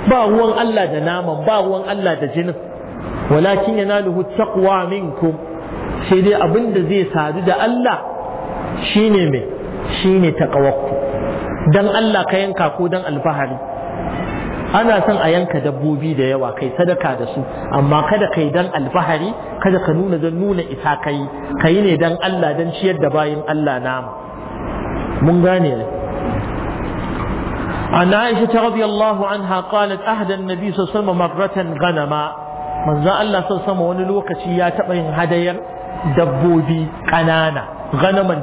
ba ruwan Allah da naman ba ruwan Allah da jinin walakin yanaluhu at-taqwa minkum sai dai abinda zai sadu da Allah shine me shine taqawwa dan Allah ka yanka ko dan alfahari ana son a yanka dabbobi da yawa kai sadaka da su amma kada kai dan alfahari kada ka nuna dan nuna isa kai kai ne dan Allah dan ciyar da bayin Allah nama mun gane ne عن عائشة رضي الله عنها قالت أهدى النبي صلى الله عليه وسلم مرة غنما من ذا الله صلى الله عليه وسلم ونلوك شيا تبين هدير دبودي قنانا غنما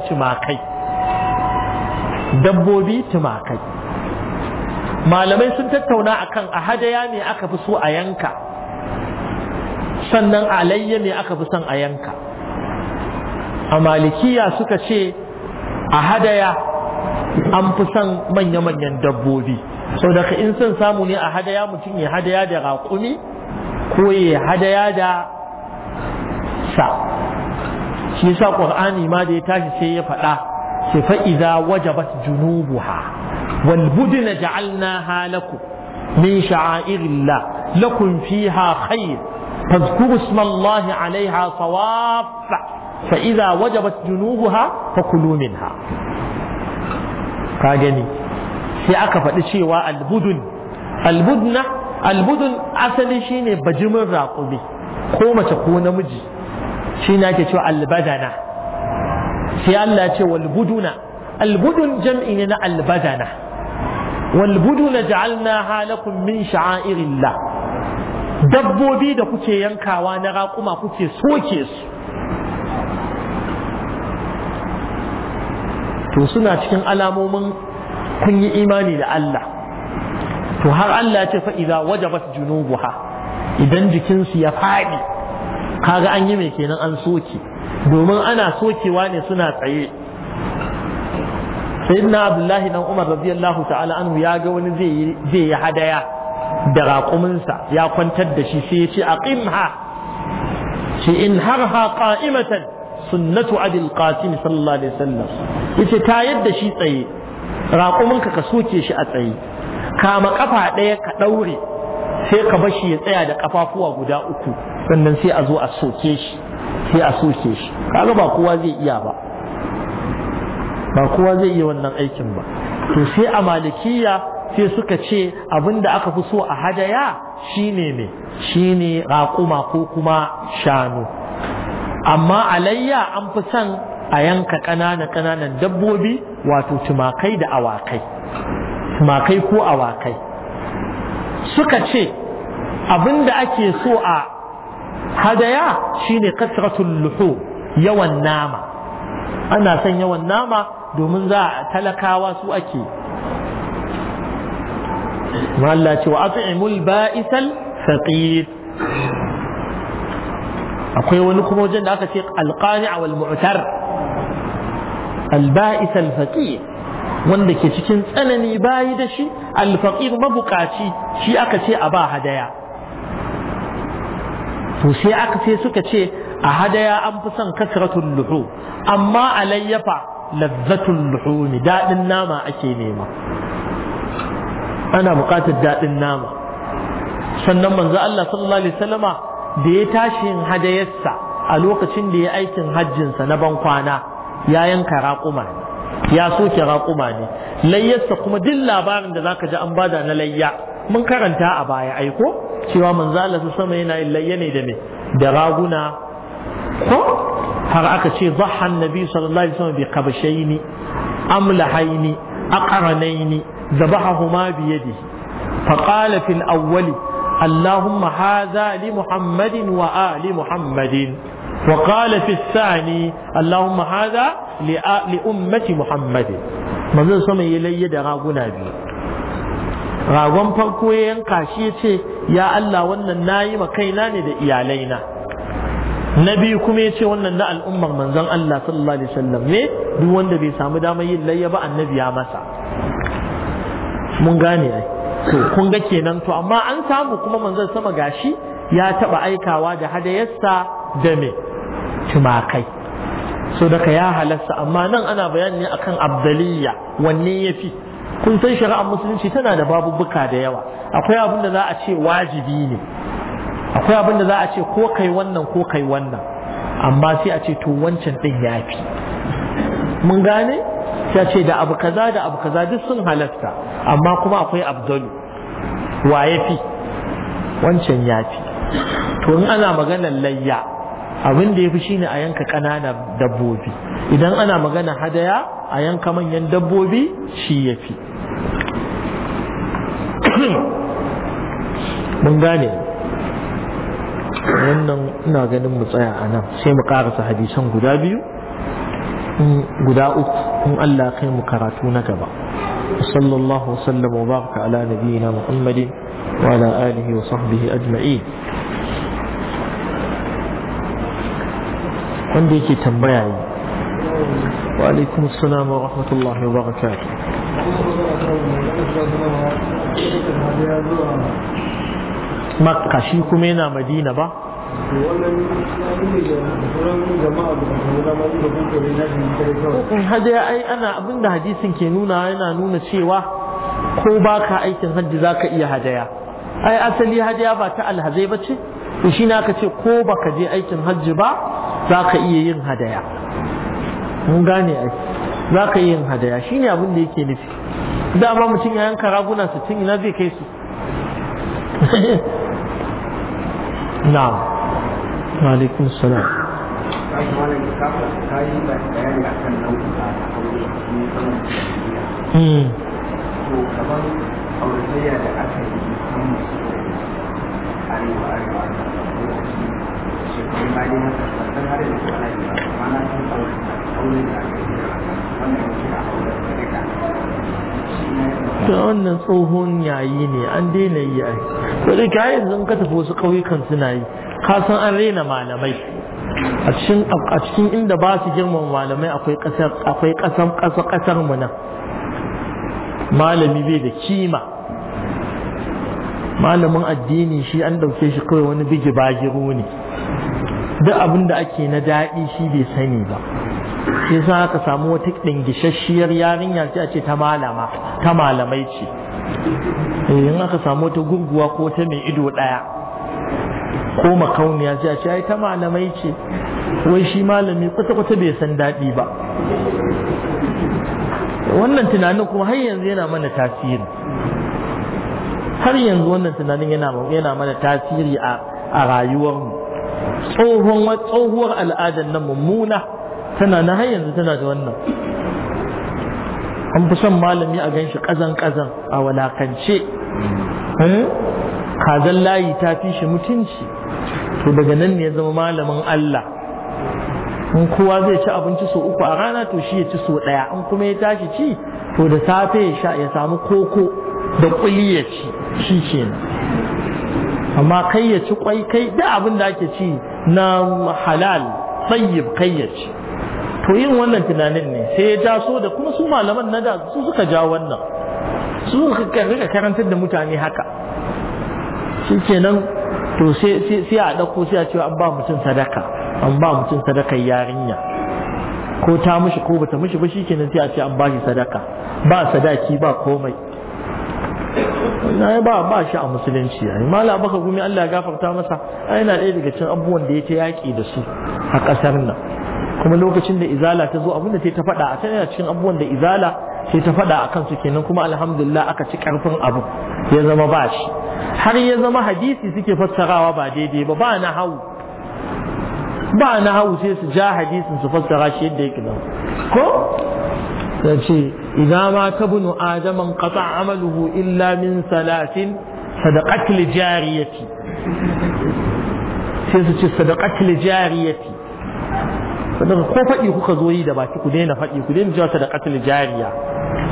dabbobi tumakai malamai sun tattauna akan a hadaya ne aka fi so a yanka sannan alayya ne aka fi son a yanka a malikiya suka ce a hadaya an fi son manya-manyan dabbobi sau daga in sun samu ne a hadaya mutum ya hadaya da raƙumi ko ya hadaya da sa shi sa ƙur'ani ma da ya tashi sai ya faɗa ce fa'iza wajabat junubuha wal budna ja'alnaha lakum min sha'airillah lakum fiha khair fadhkuru isma Allah 'alayha fa, fa'iza wajabat junubuha fakulu minha ka gani sai aka faɗi cewa albudun albudna albudun asali shine bajimin raƙumi ko mace ko namiji shi na ke cewa albadana sai Allah ce walbuduna albudun jam'i ne na albadana walbuduna ja'alna halakum min sha'airillah dabbobi da kuke yankawa na raƙuma kuke soke su to suna cikin alamomin kun yi imani da Allah to har Allah ce fa idza wajabat junubuha idan jikinsu ya faɗi kaga an yi mai kenan an soke domin ana sokewa ne suna tsaye sayyidina abdullahi dan umar radiyallahu ta'ala anhu ya ga wani zai yi hadaya da raƙuminsa ya kwantar da shi sai ya ce aqimha shi in harha qa'imatan sunnatu abil qasim sallallahu alaihi wasallam Ita ta yadda shi tsaye raƙuminka ka soke shi a tsaye kama kafa ɗaya ka ɗaure sai ka bashi ya tsaya da ƙafafuwa guda uku sannan sai a zo a soke shi sai a soke shi kaga ba kowa zai iya ba ba kowa zai iya wannan aikin ba to sai a malikiya sai suka ce abinda aka fi so a hadaya shine ne shine raƙuma ko kuma shanu amma alayya an fi son a yanka ƙananan ƙananan dabbobi wato tumakai da awakai tumakai ko awakai suka ce abinda ake so a hadaya shine kasratul luhu yawan nama ana son yawan nama domin za a talakawa su ake Allah ce wa at'imul ba'isal faqir akwai wani kuma wajen da aka ce alqani'a wal mu'tar al-ba'isal faqir wanda ke cikin tsanani bayi da shi al-faqir mabukaci shi aka ce a ba hadaya to sai aka sai suka ce a hadaya an fi son kasratul luhu amma alayyafa luhu luhumi daɗin nama ake nema ana buƙatar daɗin nama sannan manzo Allah sallallahu alaihi wasallama da ya tashi yin hadayarsa a lokacin da ya aikin hajjinsa na ban kwana ya yanka raƙuma ya soke raƙuma ne layyarsa kuma duk labarin da zaka ji an bada na layya mun karanta a baya aiko cewa manzo Allah sama yana illayya ne da me da raguna ko har aka ce dhaha annabi sallallahu alaihi wasallam bi qabshaini amlahaini aqranaini ذبحهما بيده فقال في الأول اللهم هذا لمحمد وآل محمد وقال في الثاني اللهم هذا لأمة محمد manzon sama ya layya da raguna biyu ragon farko ya yanka shi ya ce ya Allah wannan na yi kaina ne da iyalaina na biyu kuma ya ce wannan na al'ummar manzon Allah sallallahu alaihi wasallam ne duk wanda bai samu damar yin layya ba annabi ya masa mun gane ai kun ga kenan to amma an samu kuma manzon sama gashi ya taba aikawa da hadayarsa da me tumakai so daga ya halasta amma nan ana bayani akan abdaliya wanne yafi kun san shari'ar musulunci tana da babu buka da yawa akwai abin da za a ce wajibi ne akwai abin da za a ce ko kai wannan ko kai wannan amma sai a ce to wancan din yafi mun gane sai a ce da abu kaza da abu kaza duk sun halatta amma kuma akwai Abdul. wa yafi wancan yafi to in ana maganar layya abin da yafi shine a yanka ƙananan dabbobi idan ana magana hadaya a yanka manyan dabbobi shi yafi mun gane wannan ina ganin mu tsaya a nan sai mu karasa hadisan guda biyu guda uku in Allah kai mu karatu na gaba صلى الله وسلم وبارك على نبينا محمد وعلى آله وصحبه أجمعين wanda yake tambaya yi wa alaikum assalam makka shi kuma yana madina ba hajjaya ai ana abinda hadisin ke nuna yana nuna cewa ko ba ka aikin hajji za ka iya hajjaya ai asali hajjaya ba ta alhazai ba ce shi na ka ce ko ka je aikin hajji ba za ka iya yin hadaya mun gane aiki. za ka iya yin hadaya shine abin da yake nufi dama mutum ya yanka raguna sittin ina zai kai su na'am alaikum salam da yi shekaru har yanzu ba na san aure da aka a da wannan tsohon yayi ne an daina yi ai dai ka yanzu in ka tafi wasu kauyukan suna yi ka san an rena malamai a cikin inda ba su girmama malamai akwai kasar akwai kasar kasar mu nan malami bai da kima malamin addini shi an ɗauke shi kawai wani bigi bagiro ne duk abin da ake na daɗi shi bai sani ba shi sa aka samu wata dingishashshiyar yarinya ce a ce ta malama ta malamai ce eh, in aka samu wata gurguwa ko ta mai ido ɗaya, ko makauniya ce a ce ai ta malamai ce wai shi malami kwata-kwata bai san daɗi ba wannan tunanin kuma har yanzu yana mana tasiri har yanzu wannan tunanin yana mana tasiri a rayuwarmu tsohuwar al'adar nan mummuna tana na har yanzu tana da wannan an fi son malami a gan shi kazan kazan a walakance eh? kazan layi ta fi shi mutunci to daga nan ne ya zama malamin Allah in kowa zai ci abinci sau uku a rana to shi ya ci sau ɗaya in kuma ya tashi ci to da safe ya sha ya samu koko da kuli ya ci shi kenan amma kai ya ci kwai kai da abin da ake ci na halal tsayyib kai ya ci to yin wannan tunanin ne sai ya taso da kuma su malaman na da su suka ja wannan su suka rika karantar da mutane haka shi kenan to sai a ɗauko sai a cewa an ba mutum sadaka an ba mutum sadaka yarinya ko ta mishi ko bata mishi ba shi kenan sai a ce an ba shi sadaka ba sadaki ba komai na ba ba shi a musulunci yayi mala baka gumi Allah ya gafarta masa ai na ɗaya daga cikin abubuwan da yake yaƙi da su a ƙasar nan kuma lokacin da izala ta zo abinda ta ta faɗa a yana cikin abubuwan da izala sai ta faɗa a kansu kenan kuma alhamdulillah aka ci karfin abu ya zama ba shi har ya zama hadisi suke fassarawa ba daidai ba ba na hau ba na hau sai su ja hadisin su fassara shi yadda yake nan ko da ce idza ma tabnu adaman qata amaluhu illa min salatin sadaqat li jariyati sai su ce sadaqat jariyati sannan ko faɗi kuka zo yi da baki ku daina faɗi ku daina jariya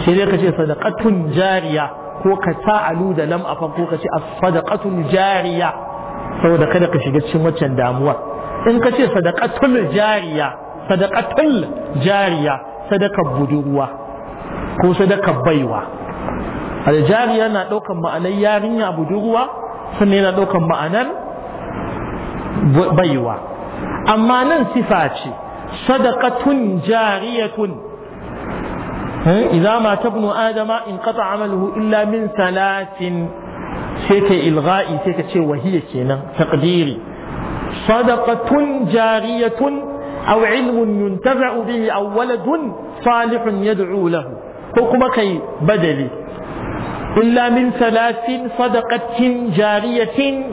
sai dai ka ce sadaqatun jariya ko ka sa alu da lam afan ko ka ce sadaqatul jariya saboda kada ka shiga cikin waccan damuwa in ka ce sadaqatul jariya sadaqatul jariya sadakar budurwa ko sadakar baiwa aljariya na ɗaukan ma'anar yarinya budurwa sannan yana ɗaukar ma'anar baiwa amma nan sifa ce صدقة جارية إذا مات ابن آدم انقطع عمله إلا من ثلاث سيك إلغائي سيك شيء وهي كينا تقديري صدقة جارية أو علم ينتفع به أو ولد صالح يدعو له حكم كي بدلي إلا من ثلاث صدقة جارية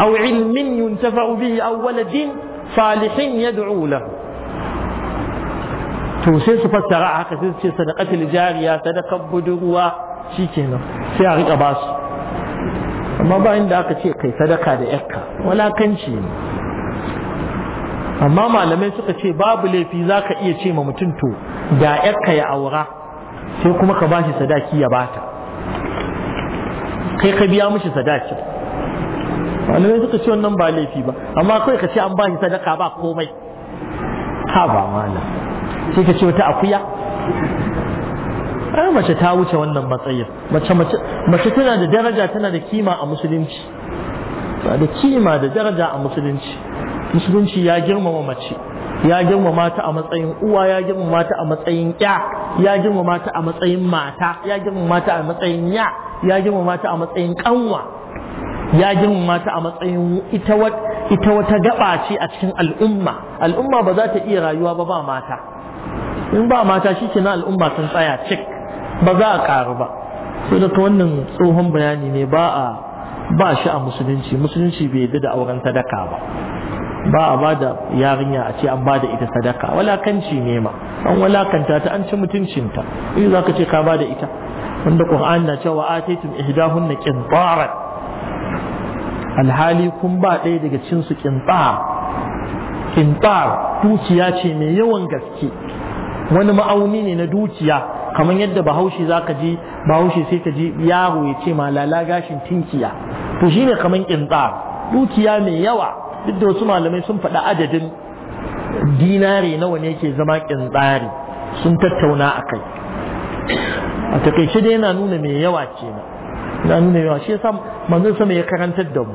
أو علم ينتفع به أو ولد صالح يدعو له to sai su fassara haka sai su ce sadaqatul jariya sadaqar budurwa shikenan sai a rika ba su amma ba inda aka ce kai sadaka da yakka walakanci ne amma malamai suka ce babu laifi zaka iya ce ma mutum to da yakka ya aura sai kuma ka bashi sadaki ya bata kai ka biya mishi sadaki malamai suka ce wannan ba laifi ba amma kawai ka ce an bashi sadaka ba komai ha ba malam sai ka ce wata akuya ai mace ta wuce wannan matsayin mace mace mace tana da daraja tana da kima a musulunci Ba da kima da daraja a musulunci musulunci ya girmama mace ya girmama ta a matsayin uwa ya girmama ta a matsayin ya ya girmama ta a matsayin mata ya girmama ta a matsayin ya ya girmama ta a matsayin kanwa ya girmama ta a matsayin ita wata gaba ce a cikin al'umma al'umma ba za ta iya rayuwa ba ba mata in ba mata shi ke na al'umma sun tsaya cik ba za a karu ba sai da wannan tsohon bayani ne ba a ba shi a musulunci musulunci bai yadda da auren sadaka ba ba a ba da yarinya a ce an ba da ita sadaka walakanci ne ma an walakanta ta an ci mutuncinta in za ka ce ka ba da ita wanda ƙur'ani na cewa ataitum ihdahunna qintaran alhali kun ba ɗaya daga cin su qintar qintar dukiya ce mai yawan gaske wani ma'auni ne na dukiya kamar yadda bahaushe za ka ji bahaushe sai ka ji yaro ya ce malala gashin tinkiya to shi ne kamar kinta dukiya mai yawa duk da wasu malamai sun faɗa adadin dinare nawa ne ke zama kintsari sun tattauna a kai a takaice dai yana nuna mai yawa ce na nuna yawa shi yasa manzon sama ya karantar da mu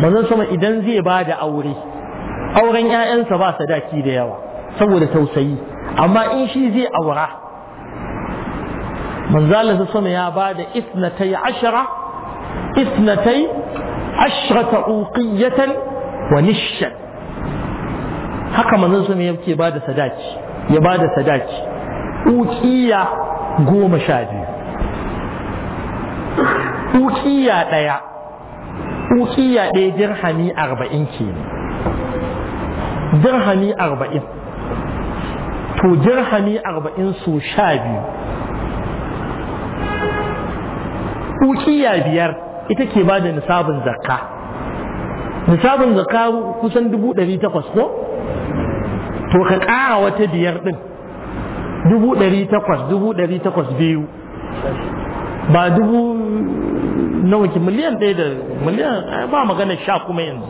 manzon sama idan zai ba da aure auren 'ya'yansa ba sadaki da yawa saboda tausayi amma in shi zai aura manzala ta sama ya ba da isnatai ashara isnatai ashrata uqiyatan wa nishan haka manzon sama yake ba da sadaki ya ba da sadaki Ukiya goma sha biyu ukiya ɗaya ukiya ɗaya dirhami arba'in kenan dirhami arba'in to jirhami arba'in su sha biyu ukiya biyar ita ke ba da nisabin zakka nisabin zakka kusan dubu ɗari takwas ko to ka ƙara wata biyar ɗin dubu ɗari takwas dubu ɗari takwas biyu ba dubu nawa miliyan ɗaya da miliyan ba magana sha kuma yanzu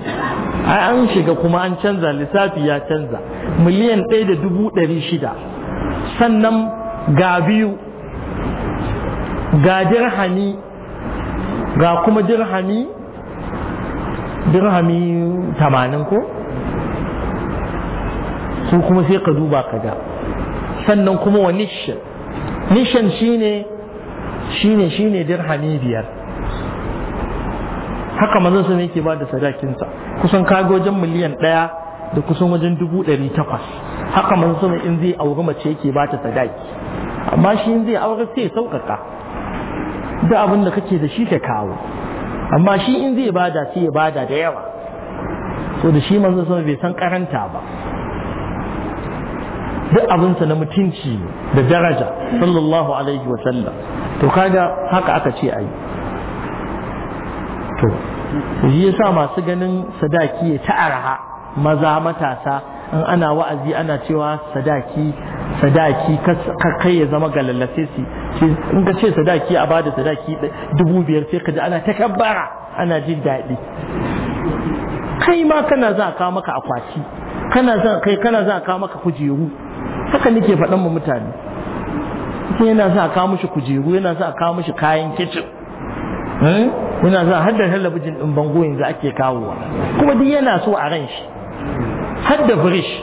ai an shiga kuma an canza lissafi ya canza miliyan ɗaya da dubu ɗari shida sannan ga biyu ga dirhami ga kuma dirhami dirhami tamanin ko su kuma sai ka duba ka ga sannan kuma wa nishin nishin shine shine shine dirhami biyar haka manzon sun yake ba da sadakinsa kusan kago wajen miliyan ɗaya da kusan wajen dubu ɗari takwas haka manzon sun in zai auri mace yake ba ta sadaki amma shi in zai aure sai sauƙaƙa da abin da kake da shi ka kawo amma shi in zai bada sai ya bada da yawa so da shi manzon sun bai san karanta ba duk abinsa na mutunci da daraja sallallahu alaihi wa sallam to kaga haka aka ce ayi to shi yasa masu ganin sadaki ya ta araha maza matasa in ana wa'azi ana cewa sadaki sadaki kai ya zama ga lallace su in ka ce sadaki a bada sadaki dubu biyar sai ka ji ana ta kabbara ana jin daɗi kai ma kana za a kawo maka akwati kana za kai kana za a kawo maka kujeru haka nake faɗan mu mutane sai yana za a kawo mishi kujeru yana za a kawo mishi kayan kicin Eh? muna za hadda da talabijin din bango yanzu ake kawowa kuma duk yana so a ran shi hadda da birish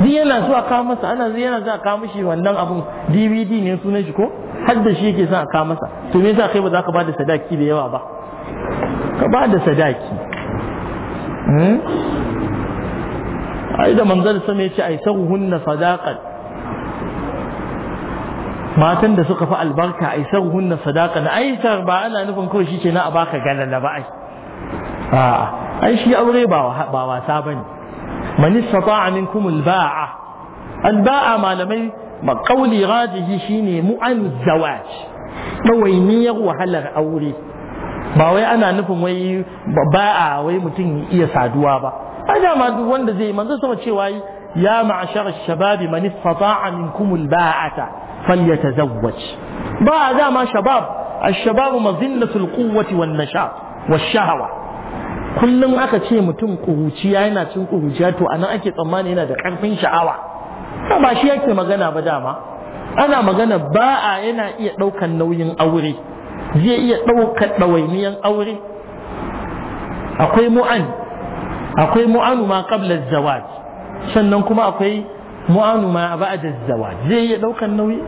duk yana so a kawo masa ana zai yana za a kawo mishi wannan abun dvd ne sunan shi ko hadda shi yake son a kawo masa to me yasa kai ba za ka ba da sadaki da yawa ba ka ba da sadaki hmm? ai da manzal sama ya ce ai sahu hunna sadaqat matan da suka fi albarka ai san hunna sadaka na ai sar ba ana nufin ko shi ke na a baka galalla ba ai a ai shi aure ba wa ba wa sabani man istata'a minkum alba'a alba'a malamai ma qawli maqauli rajihi shine mu'an zawaj dawainiyar wahalar aure ba wai ana nufin wai ba'a wai mutum iya saduwa ba a ma duk wanda zai manzo sama cewa ya ma'ashar shababi man istata'a minkum alba'ata falyatazawwaj ba dama shabab الشباب مظلة القوة والنشاط والشهوة kullum aka ce mutum ƙuruciya yana cin ƙuruciya to anan ake tsammani yana da karfin sha'awa ba shi yake magana ba dama ana magana ba a yana iya ɗaukan nauyin aure zai iya ɗaukar ɗawainiyan aure akwai mu'an akwai mu'anu ma qabla zawaj sannan kuma akwai mu'anu ma ba da zawa zai iya daukan nauyi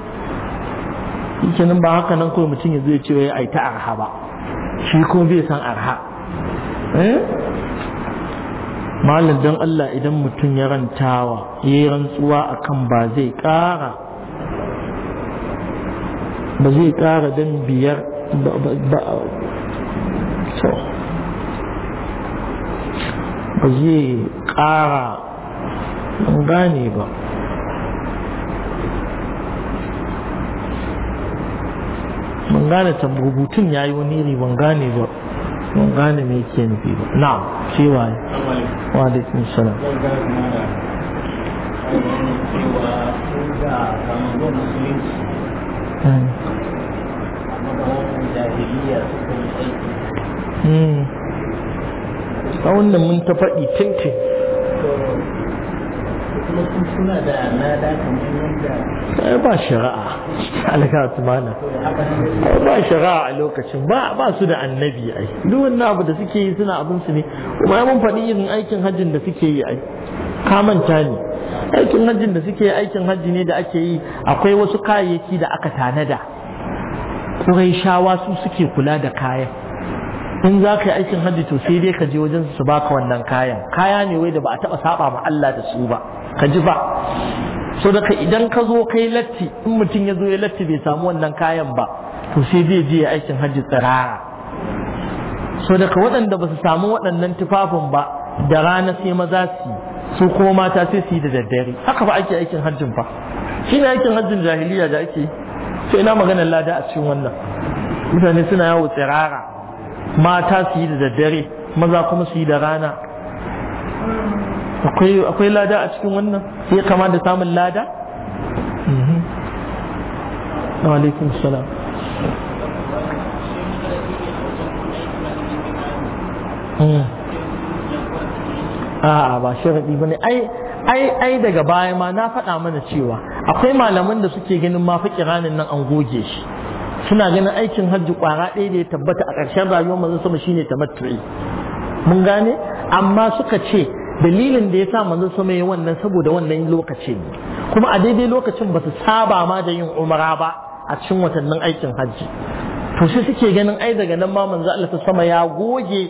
nan ba haka nan kawai mutum ya zai ce wai ai ta arha ba shi kuma bai san arha Mallan eh? malam don Allah idan mutum ya rantawa ya yi rantsuwa akan ba zai ƙara ba zai ƙara dan biyar ba zai ƙara gane ba mun gane rubutun ya yi wani iri ban gane ba mun gane me yake nufi ba na cewa wa kin salam a wannan mun ta faɗi tintin Eh, ba shari'a alaka tumana eh, ba shari'a a lokacin ba su da annabi ai duk wannan abu da suke yi suna abin su ne kuma mun faɗi irin aikin hajjin da suke yi ai ka manta ne aikin hajjin da suke aikin hajji ne da ake yi akwai wasu kayayyaki da aka tanada shawa su suke kula da kayan in za ka yi aikin hajji to sai dai ka je wajen su baka wannan kayan kaya ne wai da ba a taba saba ma Allah da su ba ka ji ba so daga idan ka zo kai latti in mutum ya zo ya latti bai samu wannan kayan ba to sai zai je aikin hajji tsirara so daga waɗanda ba su samu waɗannan tufafin ba da rana sai maza su su kuma mata sai su yi da daddare haka ba ake aikin hajjin ba shi ne aikin hajjin jahiliya da ake sai ina maganar lada a cikin wannan mutane suna yawo tsirara mata su yi da daddare maza kuma su yi da rana akwai lada a cikin wannan sai kama da samun lada mhm. alaikum salam hmm. a'a ba sharaɗi ba ne ai ai daga baya ma na faɗa mana cewa akwai malaman da suke ganin mafi kiranin nan an goge shi suna ganin aikin hajji ƙwara ɗaya da ya tabbata a karshen rayuwar manzon sama shine tamattu'i mun gane amma suka ce dalilin da ya sa manzo sama ya wannan saboda wannan lokacin kuma a daidai lokacin ba su saba ma da yin umara ba a cikin watannin aikin hajji to sai suke ganin ai daga nan ma manzo Allah ta sama ya goge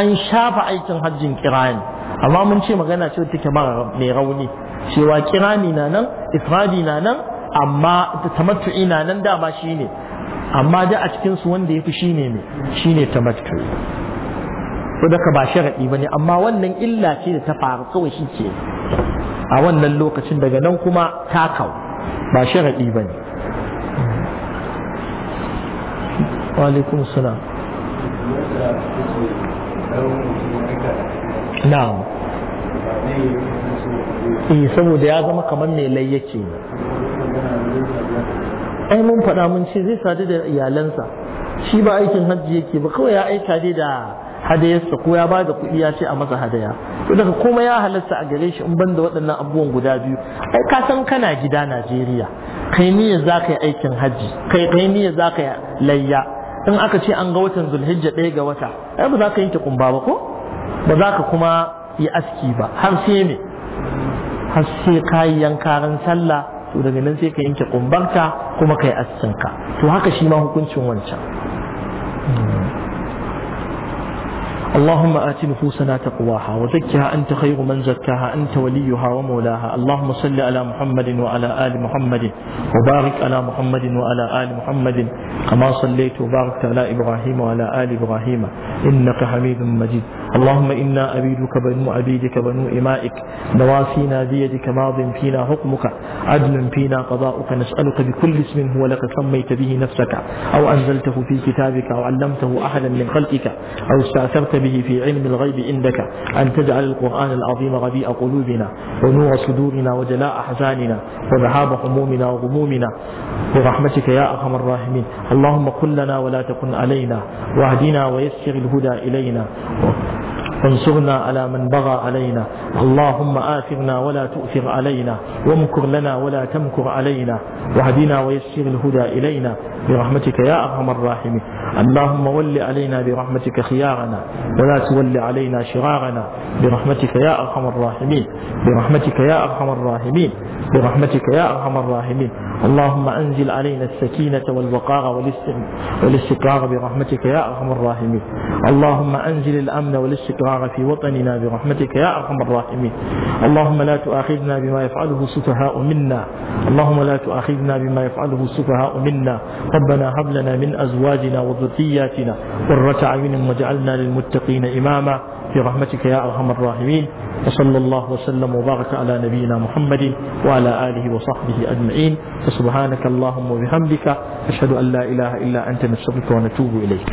an shafa aikin hajjin kirani amma mun ce magana ce take mara mai rauni cewa kirani na nan ifradi na nan amma tamattu na nan dama shine amma da a cikin su wanda yafi shine ne shine tamattu ko daga ba sharaɗi ba ne amma wannan illa ce da ta faru kawai shi ke a wannan lokacin daga nan kuma ta kawo ba sharaɗi ba ne walaikun suna na'am eh saboda ya zama kamar mai layyake ne ai mun faɗa mun ce zai sadu da iyalansa shi ba aikin hajji yake ba kawai ya aika dai da hadayarsa ko ya ba da kuɗi ya ce a masa hadaya to daga kuma ya halarta a gare shi in ban da waɗannan abubuwan guda biyu ai ka san kana gida Najeriya kai niyyar za ka yi aikin hajji kai kai niyyar za ka yi layya in aka ce an ga watan Zulhijja ɗaya ga wata ai ba za ka ta kumba ba ko ba za ka kuma yi aski ba har sai me har sai yi yankaran sallah to daga nan sai ka yanke kumbarta kuma ka yi askinka to haka shi ma hukuncin wancan hmm. اللهم آت نفوسنا تقواها وزكها أنت خير من زكاها أنت وليها ومولاها اللهم صل على محمد وعلى آل محمد وبارك على محمد وعلى آل محمد كما صليت وباركت على إبراهيم وعلى آل إبراهيم إنك حميد مجيد اللهم إنا عبيدك بنو عبيدك بنو إمائك نواسينا بيدك ماض فينا حكمك عدل فينا قضاؤك نسألك بكل اسم هو لك سميت به نفسك أو أنزلته في كتابك أو علمته أحدا من خلقك أو استأثرت به في علم الغيب عندك أن تجعل القرآن العظيم ربيع قلوبنا ونور صدورنا وجلاء أحزاننا وذهاب همومنا وغمومنا برحمتك يا أرحم الراحمين اللهم قل لنا ولا تكن علينا واهدنا ويسر الهدى إلينا وانصرنا على من بغى علينا اللهم آثرنا ولا تؤثر علينا وامكر لنا ولا تمكر علينا واهدنا ويسر الهدى إلينا برحمتك يا أرحم الراحمين اللهم ول علينا برحمتك خيارنا ولا تول علينا شرارنا برحمتك يا أرحم الراحمين برحمتك يا أرحم الراحمين برحمتك يا أرحم الراحمين اللهم أنزل علينا السكينة والوقار والاستقرار برحمتك يا أرحم الراحمين اللهم أنزل الأمن والاستقرار الفقراء في وطننا برحمتك يا أرحم الراحمين اللهم لا تؤاخذنا بما يفعله السفهاء منا اللهم لا تؤاخذنا بما يفعله السفهاء منا ربنا هب لنا من أزواجنا وذرياتنا قرة أعين واجعلنا للمتقين إماما برحمتك يا أرحم الراحمين وصلى الله وسلم وبارك على نبينا محمد وعلى آله وصحبه أجمعين فسبحانك اللهم وبحمدك أشهد أن لا إله إلا أنت نستغفرك ونتوب إليك